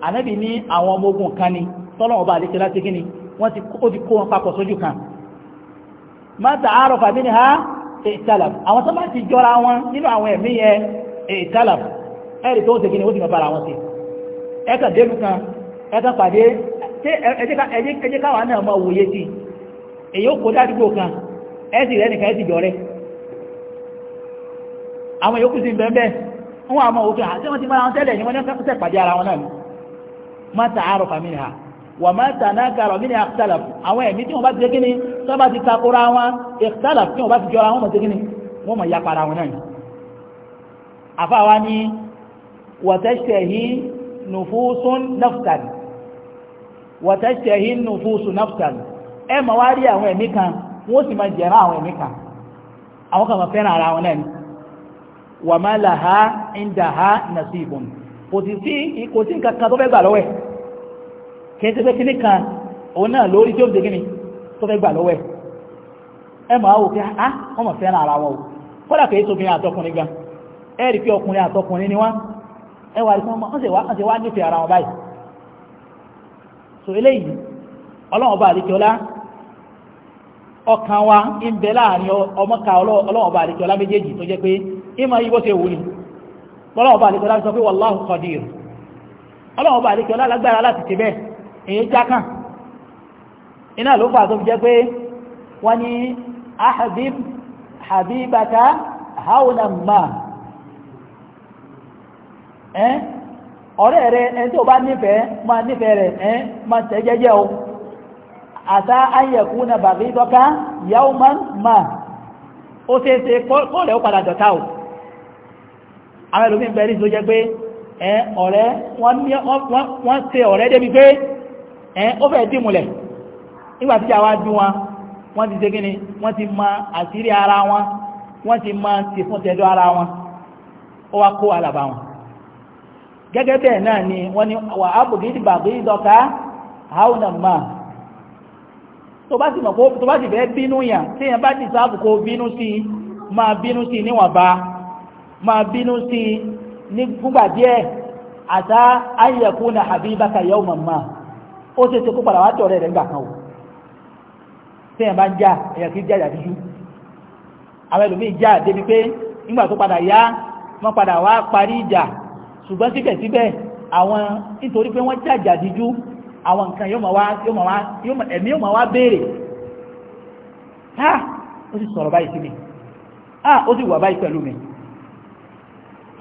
anábì ní àwọn ọmọ ogun kan ni tọ́lọ̀wọ̀n bá àdékẹ́ láti kíni wọ́n ti kó wọn papọ̀ sójú kan ma ta àárọ̀ fàbí ni ha ìtàlàb àwọn tó bá ti jọra wọn nínú àwọn ẹ̀mí yẹn ìtàlàb ẹ̀rì tó ń ṣe kíni ó ti mọ̀ bára wọn sí ẹ̀kà délù kan ẹ̀kà pàdé ẹjẹ́ káwọn náà mọ̀ wòye sí èyí ó kó dádúgbò kan ẹ̀sì rẹ̀ nìkan ẹ̀sì jọ rẹ̀ àwọn yòókù sí bẹ́ẹ̀ bẹ́ẹ̀ wọ́n àmọ́ òkè àti ah, wọ́n ti máa ń tẹ́lẹ̀ ní wọ́n ní kẹ́kọ̀ọ́ pàdé ara wọn náà ni má ta àárọ̀ fàmí ni ha wà má ta náà karọ̀ mí ni àkítàlà àwọn ẹ̀mí tí wọ́n bá ti kíni tó bá ti takora wọn ìkítàlà tí wọ́n bá ti jọra wọn mọ̀ sí kíni wọ́n mọ̀ yapa ara wọn náà ni. àfa wa ni wàtẹ́sẹ̀hí nùfúsùn nafsan wàtẹ́sẹ̀hí nùfúsùn nafsan ẹ̀ mọ̀ wá rí àwọn ẹ̀mí kan wọ́n sì máa jẹ̀rán àwọn ẹ̀mí kan àwọn kan máa fẹ́ràn ara wọn náà ni wà má là ha ń ha nà sí ìbọn kò sí sí kò sí nǹkan kan tó fẹ́ gbà lọ́wọ́ ẹ̀ kì í ṣe pé ha kan òun náà lórí tí ara wọn o kódà kì í ṣobìnrin àtọkùnrin gan ẹ rí pé ọkùnrin àtọkùnrin ni wọ́n ẹ wà rí pé ṣe wá ṣe wá nífẹ̀ẹ́ ara wọn báyìí so eléyìí ọlọ́wọ́n bá àdìkọ́lá ọkàn wa ń bẹ láàrin ọmọka ọlọ́wọ́n bá méjèèjì tó ìmọ̀ yíwọ́ ṣe wù ní ọlọ́ọ̀bà àríkọlá sọ pé wallahu qadir ọlọ́ọ̀bà àríkọlá lágbára láti ṣe bẹ́ẹ̀ èyí jákàn iná ló fà tó fi jẹ́ pé wọ́n ni ahbib habibaka haunan ma ọ̀rẹ́ rẹ̀ ẹni tí ó bá nífẹ̀ẹ́ ma nífẹ̀ẹ́ rẹ̀ ẹ́ ma tẹ́ o àtá ayẹ̀kú na bàbí dọ́ká yawman ma ó ṣe é ṣe kó rẹ̀ ó padà dọ̀ta o àwọn ẹlòmí bẹ̀rẹ̀ tó jẹ́ pé ọ̀rẹ́ wọ́n ṣe ọ̀rẹ́ débi pé ó fẹ́ dì múlẹ̀ nígbàtí àwa dùn wọn wọ́n ti ṣe kí ni wọ́n ti mọ àṣírí ara wọn wọ́n ti mọ tìfún tẹ̀dọ̀ ara wọn ó wá kó alàbà wọn gẹ́gẹ́ bẹ́ẹ̀ náà ni wọ́n ni wà á bò dídì bàbí ìdọ̀ka àwọn ọmọ tó bá sì mọ̀ tó bá sì fẹ́ bínú yàn tí yẹn bá ti sáàbù kó bínú sí máa bínú sí níwọ̀nba máa bínú sí i nígbà díẹ̀ àtá ayẹ̀kú na habibaka yawman ma ó sì ti kó padà wá tọ̀rẹ́ rẹ̀ nígbà kan o tí ẹ̀ bá ń já ẹ̀yà kí já ìyàdíjú àwọn ẹlòmíì já débi pé nígbà tó padà yá wọ́n padà wá parí ìjà ṣùgbọ́n síbẹ̀síbẹ̀ àwọn nítorí pé wọ́n já ìyàdíjú àwọn nǹkan ẹ̀mí yóò máa wá béèrè ha ó sì sọ̀rọ̀ báyìí sí mi ha ó sì wà báyìí pẹ̀lú mi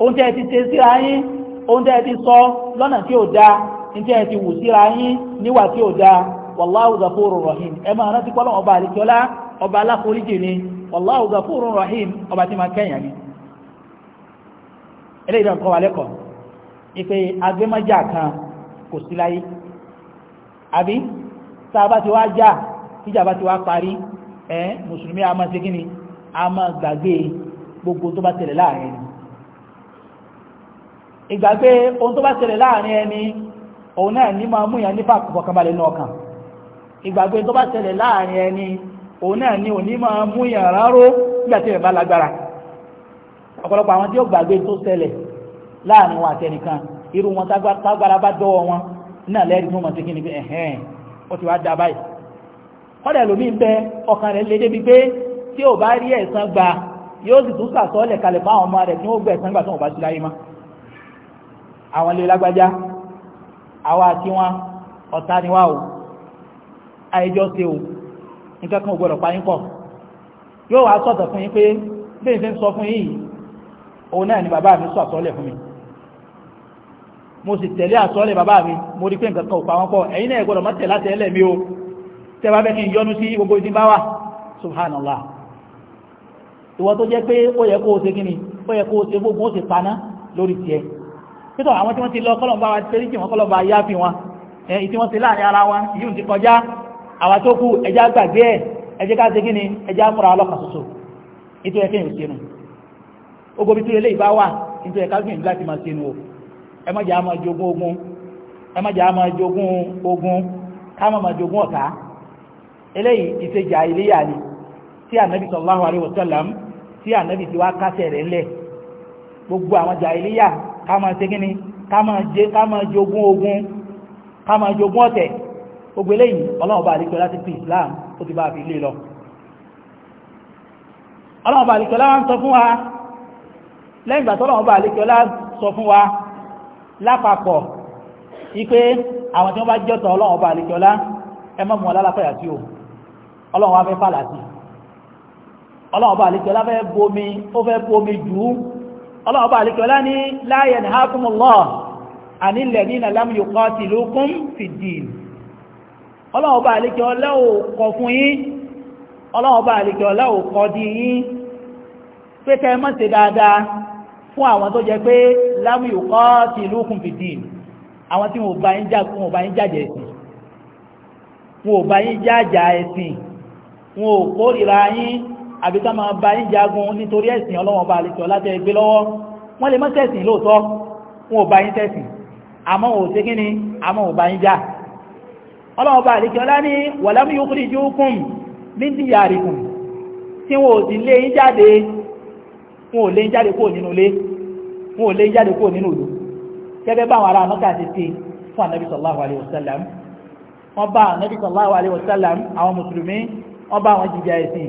O ẹ ti ṣe síra yín oúnjẹ ẹ ti sọ lọ́nà tí ò dáa oúnjẹ ẹ ti wù síra yín níwà tí ò dáa rahim ẹ máa rántí pọ́lọ́ ọba àlejòlá ọba aláforíjì ni wàláhù gafúrú rahim ọba tí ni. kọ́ wa lẹ́kọ̀ọ́ kan kò sí láyé àbí a ti já parí ẹ mùsùlùmí a a gbogbo tó bá láàrin ìgbàgbé ohun tó bá ṣẹlẹ̀ láàrin ẹni òun náà ní máa mú ìyàn nípa kọ̀kànbalẹ̀ ní ọkàn ìgbàgbé tó bá ṣẹlẹ̀ láàrin ẹni òun náà ní òní máa mú ìyàn ráró nígbà tí ìrẹ̀bá lágbára ọ̀pọ̀lọpọ̀ àwọn tí ó gbàgbé tó ṣẹlẹ̀ láàrin wọn àtẹnìkan irú wọn tágbára bá dọ́wọ́ wọn náà lẹ́rìí tó mọ̀ sí kíni pé ẹ̀hẹ́n ó ti wá da báyìí kọ́dà lómi ń bẹ ọkàn rẹ̀ lé débi pé tí ò bá rí ẹ̀san yóò sì tún sàsọ́ọ̀lẹ̀ kalẹ̀ fáwọn ọmọ rẹ̀ tí wọ́n gbẹ̀san gbà tó sí láyé máa àwọn ilé lágbájá àwa àti wọn ọ̀tá ni wá o àìjọ ṣe o nǹkan kan ò gbọdọ̀ pa yín pọ̀ yóò wá sọ̀tọ̀ fún yín pé bẹ́ẹ̀ ṣe ń sọ fún yín òun náà ni bàbá mi sọ àsọ́lẹ̀ fún mi mo sì tẹ̀lé àsọ́lẹ̀ bàbá mi mo rí pé nǹkan kan ò pa wọ́n pọ̀ ẹ̀yin náà gbọdọ̀ má tẹ̀ láti ẹlẹ́ mi o tẹ́ bá bẹ́ẹ̀ kí n yọnu sí gbogbo ìdí bá wà subhanallah ìwọ tó jẹ́ pé ó yẹ kó o ṣe kí ni ó yẹ kó o ṣe gbogbo ó ṣe paná lórí tiẹ̀ títọ̀ àwọn tí wọ́n ti lọ kọ́lọ̀mbà wa tẹ́rí kí wọ́n kọ́lọ̀mbà fi wọn èyí tí wọ́n ti láàrin ara wa yíò ti kọjá àwa tó kú ẹjá gbàgbé ẹ̀ ẹjẹ́ ká segí ni ẹjá múra ọlọ́kà soso ètò ẹ̀kẹ́ yìí sínú ogobi tí ilé ìbá wà ètò ẹ̀ká gbìyànjú o ẹ má jà ogun ogun gbogbo àwọn jà ká máa ṣe kíni ká máa jogún ogun ká máa jogún ọ̀tẹ̀ gbogbo eléyìí ọlọ́run bá àlejò láti fi islam ó ti bá fi lé lọ ọlọ́run bá láwọn sọ fún wa lẹ́yìn ìgbà tọ́lọ́run bá lá sọ fún wa lápapọ̀ ipe àwọn tí wọ́n bá jọ́tọ̀ ọlọ́run bá àlejò lá ẹ mọ́ mọ́ lálàpẹ̀yà sí o ọlọ́run wá fẹ́ fàlàsì ọlọ́run bá àlejò lá fẹ́ bomi ó ọlọ́run ọba àlekè ọlá ní la yanhakumullah anil ladina lam na fid-din ọlọ́run bá àlekè ọlá ò kọ̀ di yi. pé kẹ́ ẹ fún àwọn tó jẹ pé wọn ò bá yín ò bá yín wọn jàjà ẹ̀sìn àbí ká máa bá yín jagun nítorí ẹ̀sìn ọlọ́wọ́n bá àlejò láti ẹgbẹ́ lọ́wọ́ wọ́n lè má tẹ̀sìn lóòótọ́ wọn ò bá yín tẹ̀sìn àmọ́ ò ṣe kíni àmọ́ ò bá yín já ọlọ́wọ́n bá àlejò ọlá ní walam yukhrijukum min diyarikum tí wọn ò sì lé yín jáde wọn ò lé yín jáde kúrò nínú ilé wọn ò lé yín jáde kúrò nínú ìlú gẹ́gẹ́ báwọn ará mọ́kà ti fún ànábì sallallahu alaihi wasallam wọ́n bá ànábì alaihi wasallam àwọn mùsùlùmí wọ́n bá àwọn jìjà ẹ̀sìn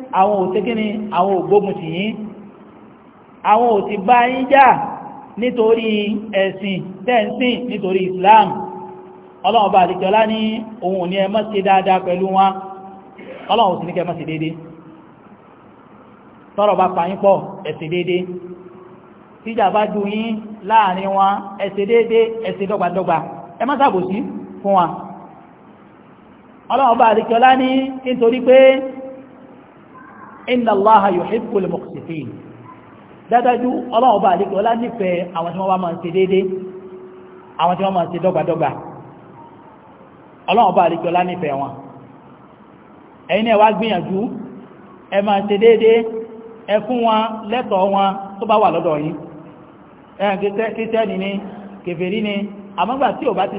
àwọn òtíkíní àwọn ògbógun tì yín àwọn òtí bá yín jà nítorí ẹ̀sìn tẹ́ǹsìn nítorí Islam ọlọ́run bá àdìkọ́lá ní òun ní ẹ má ṣe dáadáa pẹ̀lú wọn ọlọ́run sì ní kẹ́ má ṣe déédéé tọ́rọ̀ bá pa yín pọ̀ ẹ ṣe déédéé tíjà bá ju yín láàrin wọn ẹ ṣe déédéé ẹ ṣe dọ́gbadọ́gba ẹ má ṣàbòsí fún wọn ọlọ́run bá ní nítorí pé inna allaha yuhibbul muqsitin dádájú ọlọ́run bá àdékè ọlá nífẹ̀ẹ́ àwọn tí wọ́n bá máa ń ṣe ọba àwọn tí wọ́n máa ń ṣe ẹ wọn lẹ́tọ̀ọ́ wọn tó bá wà lọ́dọ̀ te ẹ̀yàn kírísítẹ́nì ni kèfèrí ni àmọ́gbà tí ò bá ti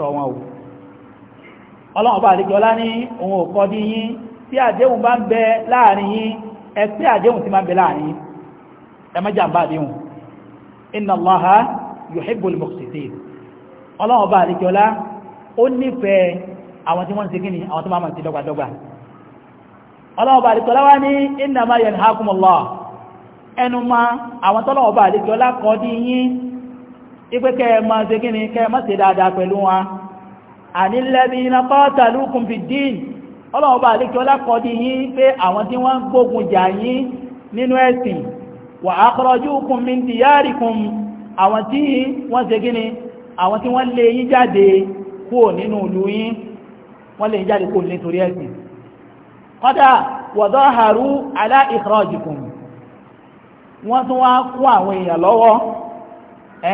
o ọlọ́run bá ní òun ò dí tí àdéhùn bá ń bẹ láàrin yín ẹ àdéhùn ti máa ń bẹ láàrin yín ẹ má jàǹbá àdéhùn inna Allaha yuhibbul muqsitin ọlọ́run bá ó nífẹ̀ẹ́ àwọn tí wọ́n ń ànílẹ́bìnà qatalukum fid-din ọlọ́wọ́ bá àlékí ọlákọ̀ọ́dí yín pé àwọn tí wọ́n gbógun jà yín nínú ẹ̀sìn wa akhrajukum min diyarikum àwọn tí wọ́n ṣe gíní àwọn tí wọ́n lé yín jáde kúrò nínú ìlú yín wọ́n lé yín jáde kúrò nítorí ẹ̀sìn kọ́dà wa daharu ala ikhrajikum wọ́n tún wá kún àwọn èèyàn lọ́wọ́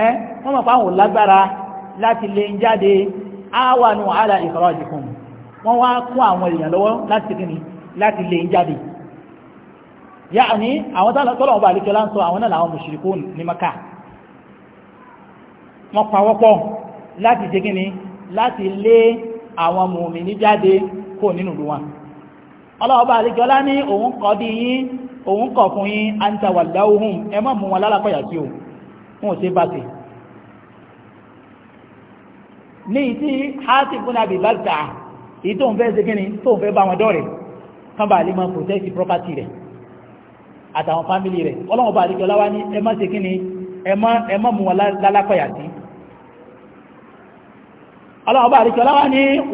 ẹ́ wọ́n mọ̀ pé àwọn lágbára láti lé yín jáde awanu ala ikhrajikum wọ́n wá kún àwọn èèyàn lọ́wọ́ láti kíni láti lè ń jáde ya'ni àwọn tọ́lọ̀wọ́ bá alikẹ́lá ń sọ àwọn náà làwọn mushrikun ní maka wọ́n pawọ́pọ̀ láti ṣe kíni láti lé àwọn mùmínì jáde kò nínú ìlú wọn ọlọ́wọ́ bá alikẹ́lá ní òun kọ́ bí yín òun kọ̀ fún yín anta ẹ ní ìtí Hatib ibn Abi Balta'a èyí tó ń fẹ́ ṣe kíni tó ń fẹ́ bá wọn dọ́rẹ̀ kán bá lè máa protect property rẹ̀ àtàwọn family rẹ̀ ọlọ́wọ́n bá àdíjọ láwá ní ẹ má ṣe kíni ẹ mú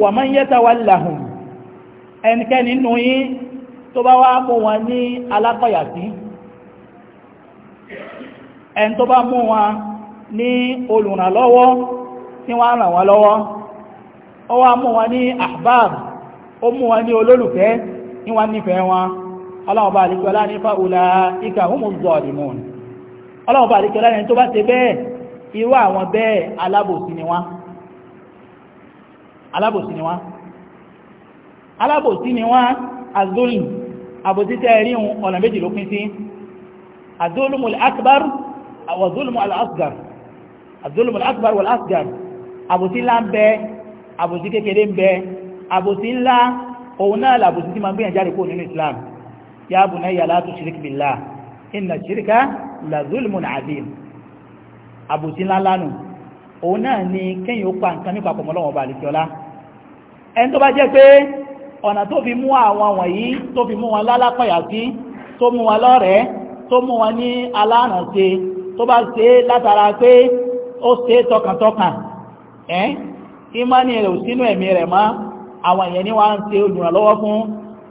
wa man yatawallahum ẹnikẹ́ni nù yín tó bá wá mú alákọ̀yà sí ẹni tó bá mú wọn ní olùrànlọ́wọ́ tí wọ́n ràn wọ́n lọ́wọ́ ó wá mú wọn ní ahbab ó mú wọn ní olólùfẹ́ ní wọ́n nífẹ̀ẹ́ wọn ọlọ́ọ̀bá àdìkọ́lá ní fáwọlá ìkà humu zalimun ọlọ́ọ̀bá àdìkọ́lá ní tó bá ṣe bẹ́ẹ̀ irú àwọn bẹ́ẹ̀ alábòsí ni wọ́n alábòsí ni wọ́n alábòsí ni wọ́n azulm àbòsí tẹ́ rí àbòsí ńlá ń bẹ àbòsí kékeré ń bẹ àbòsí ńlá òun náà làbòsí tí ma ń gbìyànjáde kó nínú islam ya bunayya la tushrik billah inna shirka la zulmun azim àbòsí ńlá lánàá òun náà ni kéyìn ó pa nǹkan nípa pọ̀mọ́lọ́wọ́ balẹ̀kíọ́lá ẹni tó bá jẹ́ pé ọ̀nà tó fi mú àwọn wọ̀nyí tó fi mú wọn lálápàyà sí tó mú wọn lọ́rẹ̀ẹ́ tó mú látara pé ó ṣe tọkàntọkàn ẹ́ ìmánì rẹ̀ ò sínú ẹ̀mí rẹ̀ má àwọn èèyàn ní wá ń ṣe olùrànlọ́wọ́ fún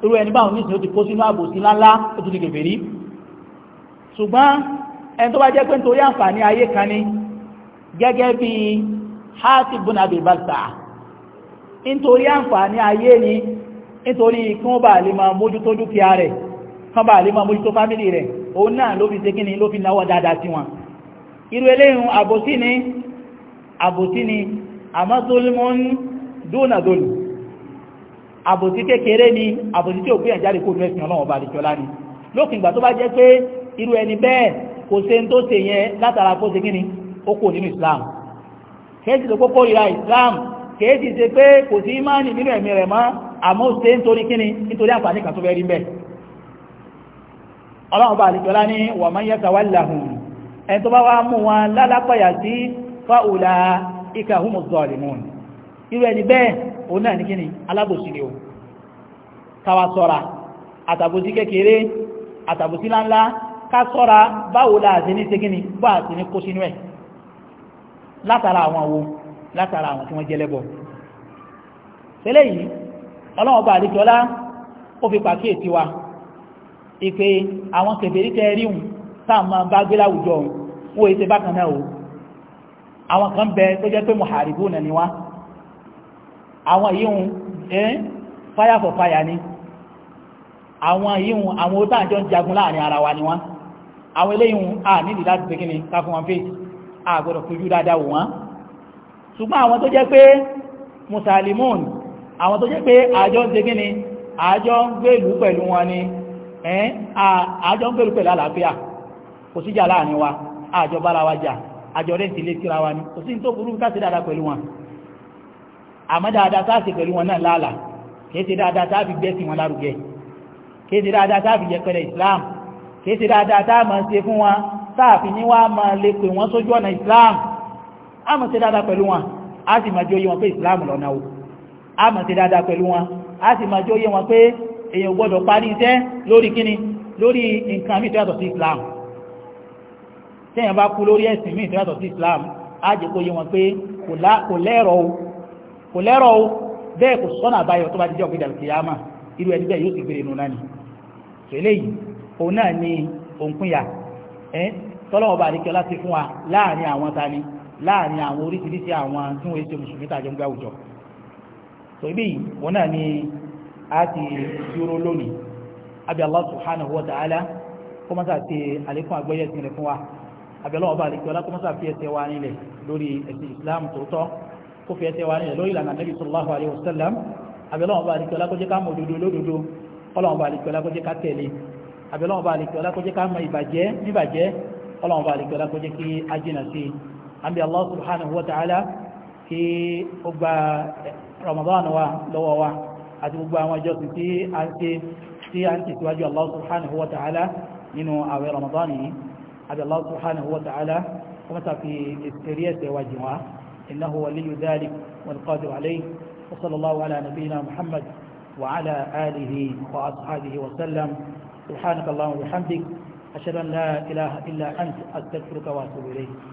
irú ẹni báwọn nísìnyí ó ti kó sínú àbòsí ńláńlá ó ti di kèfèrí ṣùgbọ́n ẹni tó bá jẹ́ pé nítorí àǹfààní ayé kan ni gẹ́gẹ́ bí hati bunabi balta nítorí àǹfààní ayé ni nítorí kí wọ́n bá lè máa mójútó dúkìá rẹ̀ kan bá lè máa mójútó fámìlì rẹ̀ òun náà ló fi ṣe kíni ló fi náwọ́ dáadáa sí wọn irú eléyìn àbòsí ni àbòsí ni àmọ́ zulmun dúnà zulm àbòsí kékeré ni àbòsí tí ò gbé ẹ̀jáde kó fẹ́ sìn ọlọ́wọ́ bá àdìjọ lánìí lókùn ìgbà tó bá jẹ́ pé irú ẹni bẹ́ẹ̀ kò ṣe ń tó ṣe yẹn látara kó ṣe kíni ó kò nínú Islam kéèsì tó kókó ìra Islam kéèsì ṣe pé kò sí ìmáànì nínú ẹ̀mí rẹ̀ mọ́ àmọ́ ṣe ń torí kíni nítorí àǹfààní kan tó fẹ́ rí bẹ́ẹ̀ ọlọ́run bá àlejò lá ní wàmáyẹ́ta wà láhùn ẹni tó bá wá mú wọn lálápàyà sí fáùlà ìkà húnmù zalimun irú ẹni bẹ́ẹ̀ òun náà ní kíni alábòsí ni o káwa sọ́ra àtàbòsí kékeré àtàbòsí láńlá ká sọ́ra báwo la àti ní sekíni bá àti ní kó sínú ẹ̀ látara àwọn wo látara àwọn tí wọ́n jẹ́lẹ́bọ̀ tẹ́lẹ̀ yìí ọlọ́wọ́n bá àdéjọ́lá ó fi pàkíyèsí wa ìpè àwọn kẹfẹ́rí tẹ́ ríhùn táà o àwọn kan bẹ tó jẹ́ pé mọ̀hàrìbó nà ní àwọn yíhun ẹ́ fire for fire ni àwọn yíhun àwọn ó tàà jọ ń jagun láàrin ara wa ni wá àwọn eléyìhun a nílì láti pé kíni ká fún wọn fèsì a fojú dáadáa wò wọ́n ṣùgbọ́n àwọn tó jẹ́ pé musalimun àwọn tó jẹ́ pé àjọ ń ṣe kíni àjọ ń gbèlú pẹ̀lú wọn ni àjọ ń gbèlú pẹ̀lú àlàáfíà kò síjà láàrin wa àjọ bára wa jà àjọ̀rẹ́ sí lé síra wa ní kò sí ní tó burú káàsì dáadáa pẹ̀lú wọn àmọ́ dáadáa táàsì pẹ̀lú wọn náà láàlà kìí ṣe dáadáa táàfi gbé sí wọn lárugẹ kìí ṣe dáadáa táàfi yẹpẹrẹ Islam kìí ṣe dáadáa táàmà ṣe fún wọn táàfi ní wá máa lè pè wọn sójú ọ̀nà Islam a máa ṣe dáadáa pẹ̀lú wọn a sì máa jóyé wọn pé Islam lọ́nà o a máa ṣe dáadáa pẹ̀lú wọn a sì máa jóyé wọn pé èèyàn gbọ́dọ̀ parí iṣẹ́ lórí kíni lórí nǹkan mìíràn yàtọ̀ sí Islam tẹ́yìn bá kú lórí ẹ̀sìn míì tó yàtọ̀ sí islam á jẹ́ kó yé wọn pé kò lẹ́rọ̀ o kò lẹ́rọ̀ o bẹ́ẹ̀ kò sọ́nà àbáyọ tó bá ti jẹ́ òkè dàbí kìyàmà irú ẹni bẹ́ẹ̀ yóò sì gbére nù náà ni tẹ́lẹ̀ yìí òun náà ni òǹkúnya ẹ́ tọ́lọ́wọ́ bá àdékẹ́ láti fún wa láàrin àwọn tani láàrin àwọn oríṣiríṣi àwọn tí wọ́n ṣe mùsùlùmí tàjọ ń gbá àwùjọ so òun náà ni a ti dúró lónìí abi Allah subhanahu wa ta'ala kó má sà ti àlékún àgbọ́yẹ̀sìn rẹ̀ fún wa abẹ́lọ́wọ́ bá àdìgbò alákọ̀mọ́sá fi ẹsẹ̀ wa nílẹ̀ lórí ẹ̀sìn islam tòótọ́ kó fi ẹsẹ̀ wa nílẹ̀ lórí ìlànà nabi sallallahu alayhi wa sallam abẹ́lọ́wọ́ bá àdìgbò alákọ̀jẹ́ ká mọ òdodo lódodo ọlọ́wọ́ bá àdìgbò alákọ̀jẹ́ ká tẹ̀lé abẹ́lọ́wọ́ bá àdìgbò alákọ̀jẹ́ ká mọ ìbàjẹ́ níbàjẹ́ ọlọ́wọ́ bá àdìgbò alákọ̀jẹ́ kí a jìnà sí i àbí allah subhanahu wa ta'ala kí ó gba ramadan wa عبد الله سبحانه وتعالى ومتى في السرية واجهة إنه ولي ذلك والقادر عليه وصلى الله على نبينا محمد وعلى آله وأصحابه وسلم سبحانك اللهم وبحمدك أشهد أن لا إله إلا أنت أستغفرك وأتوب إليك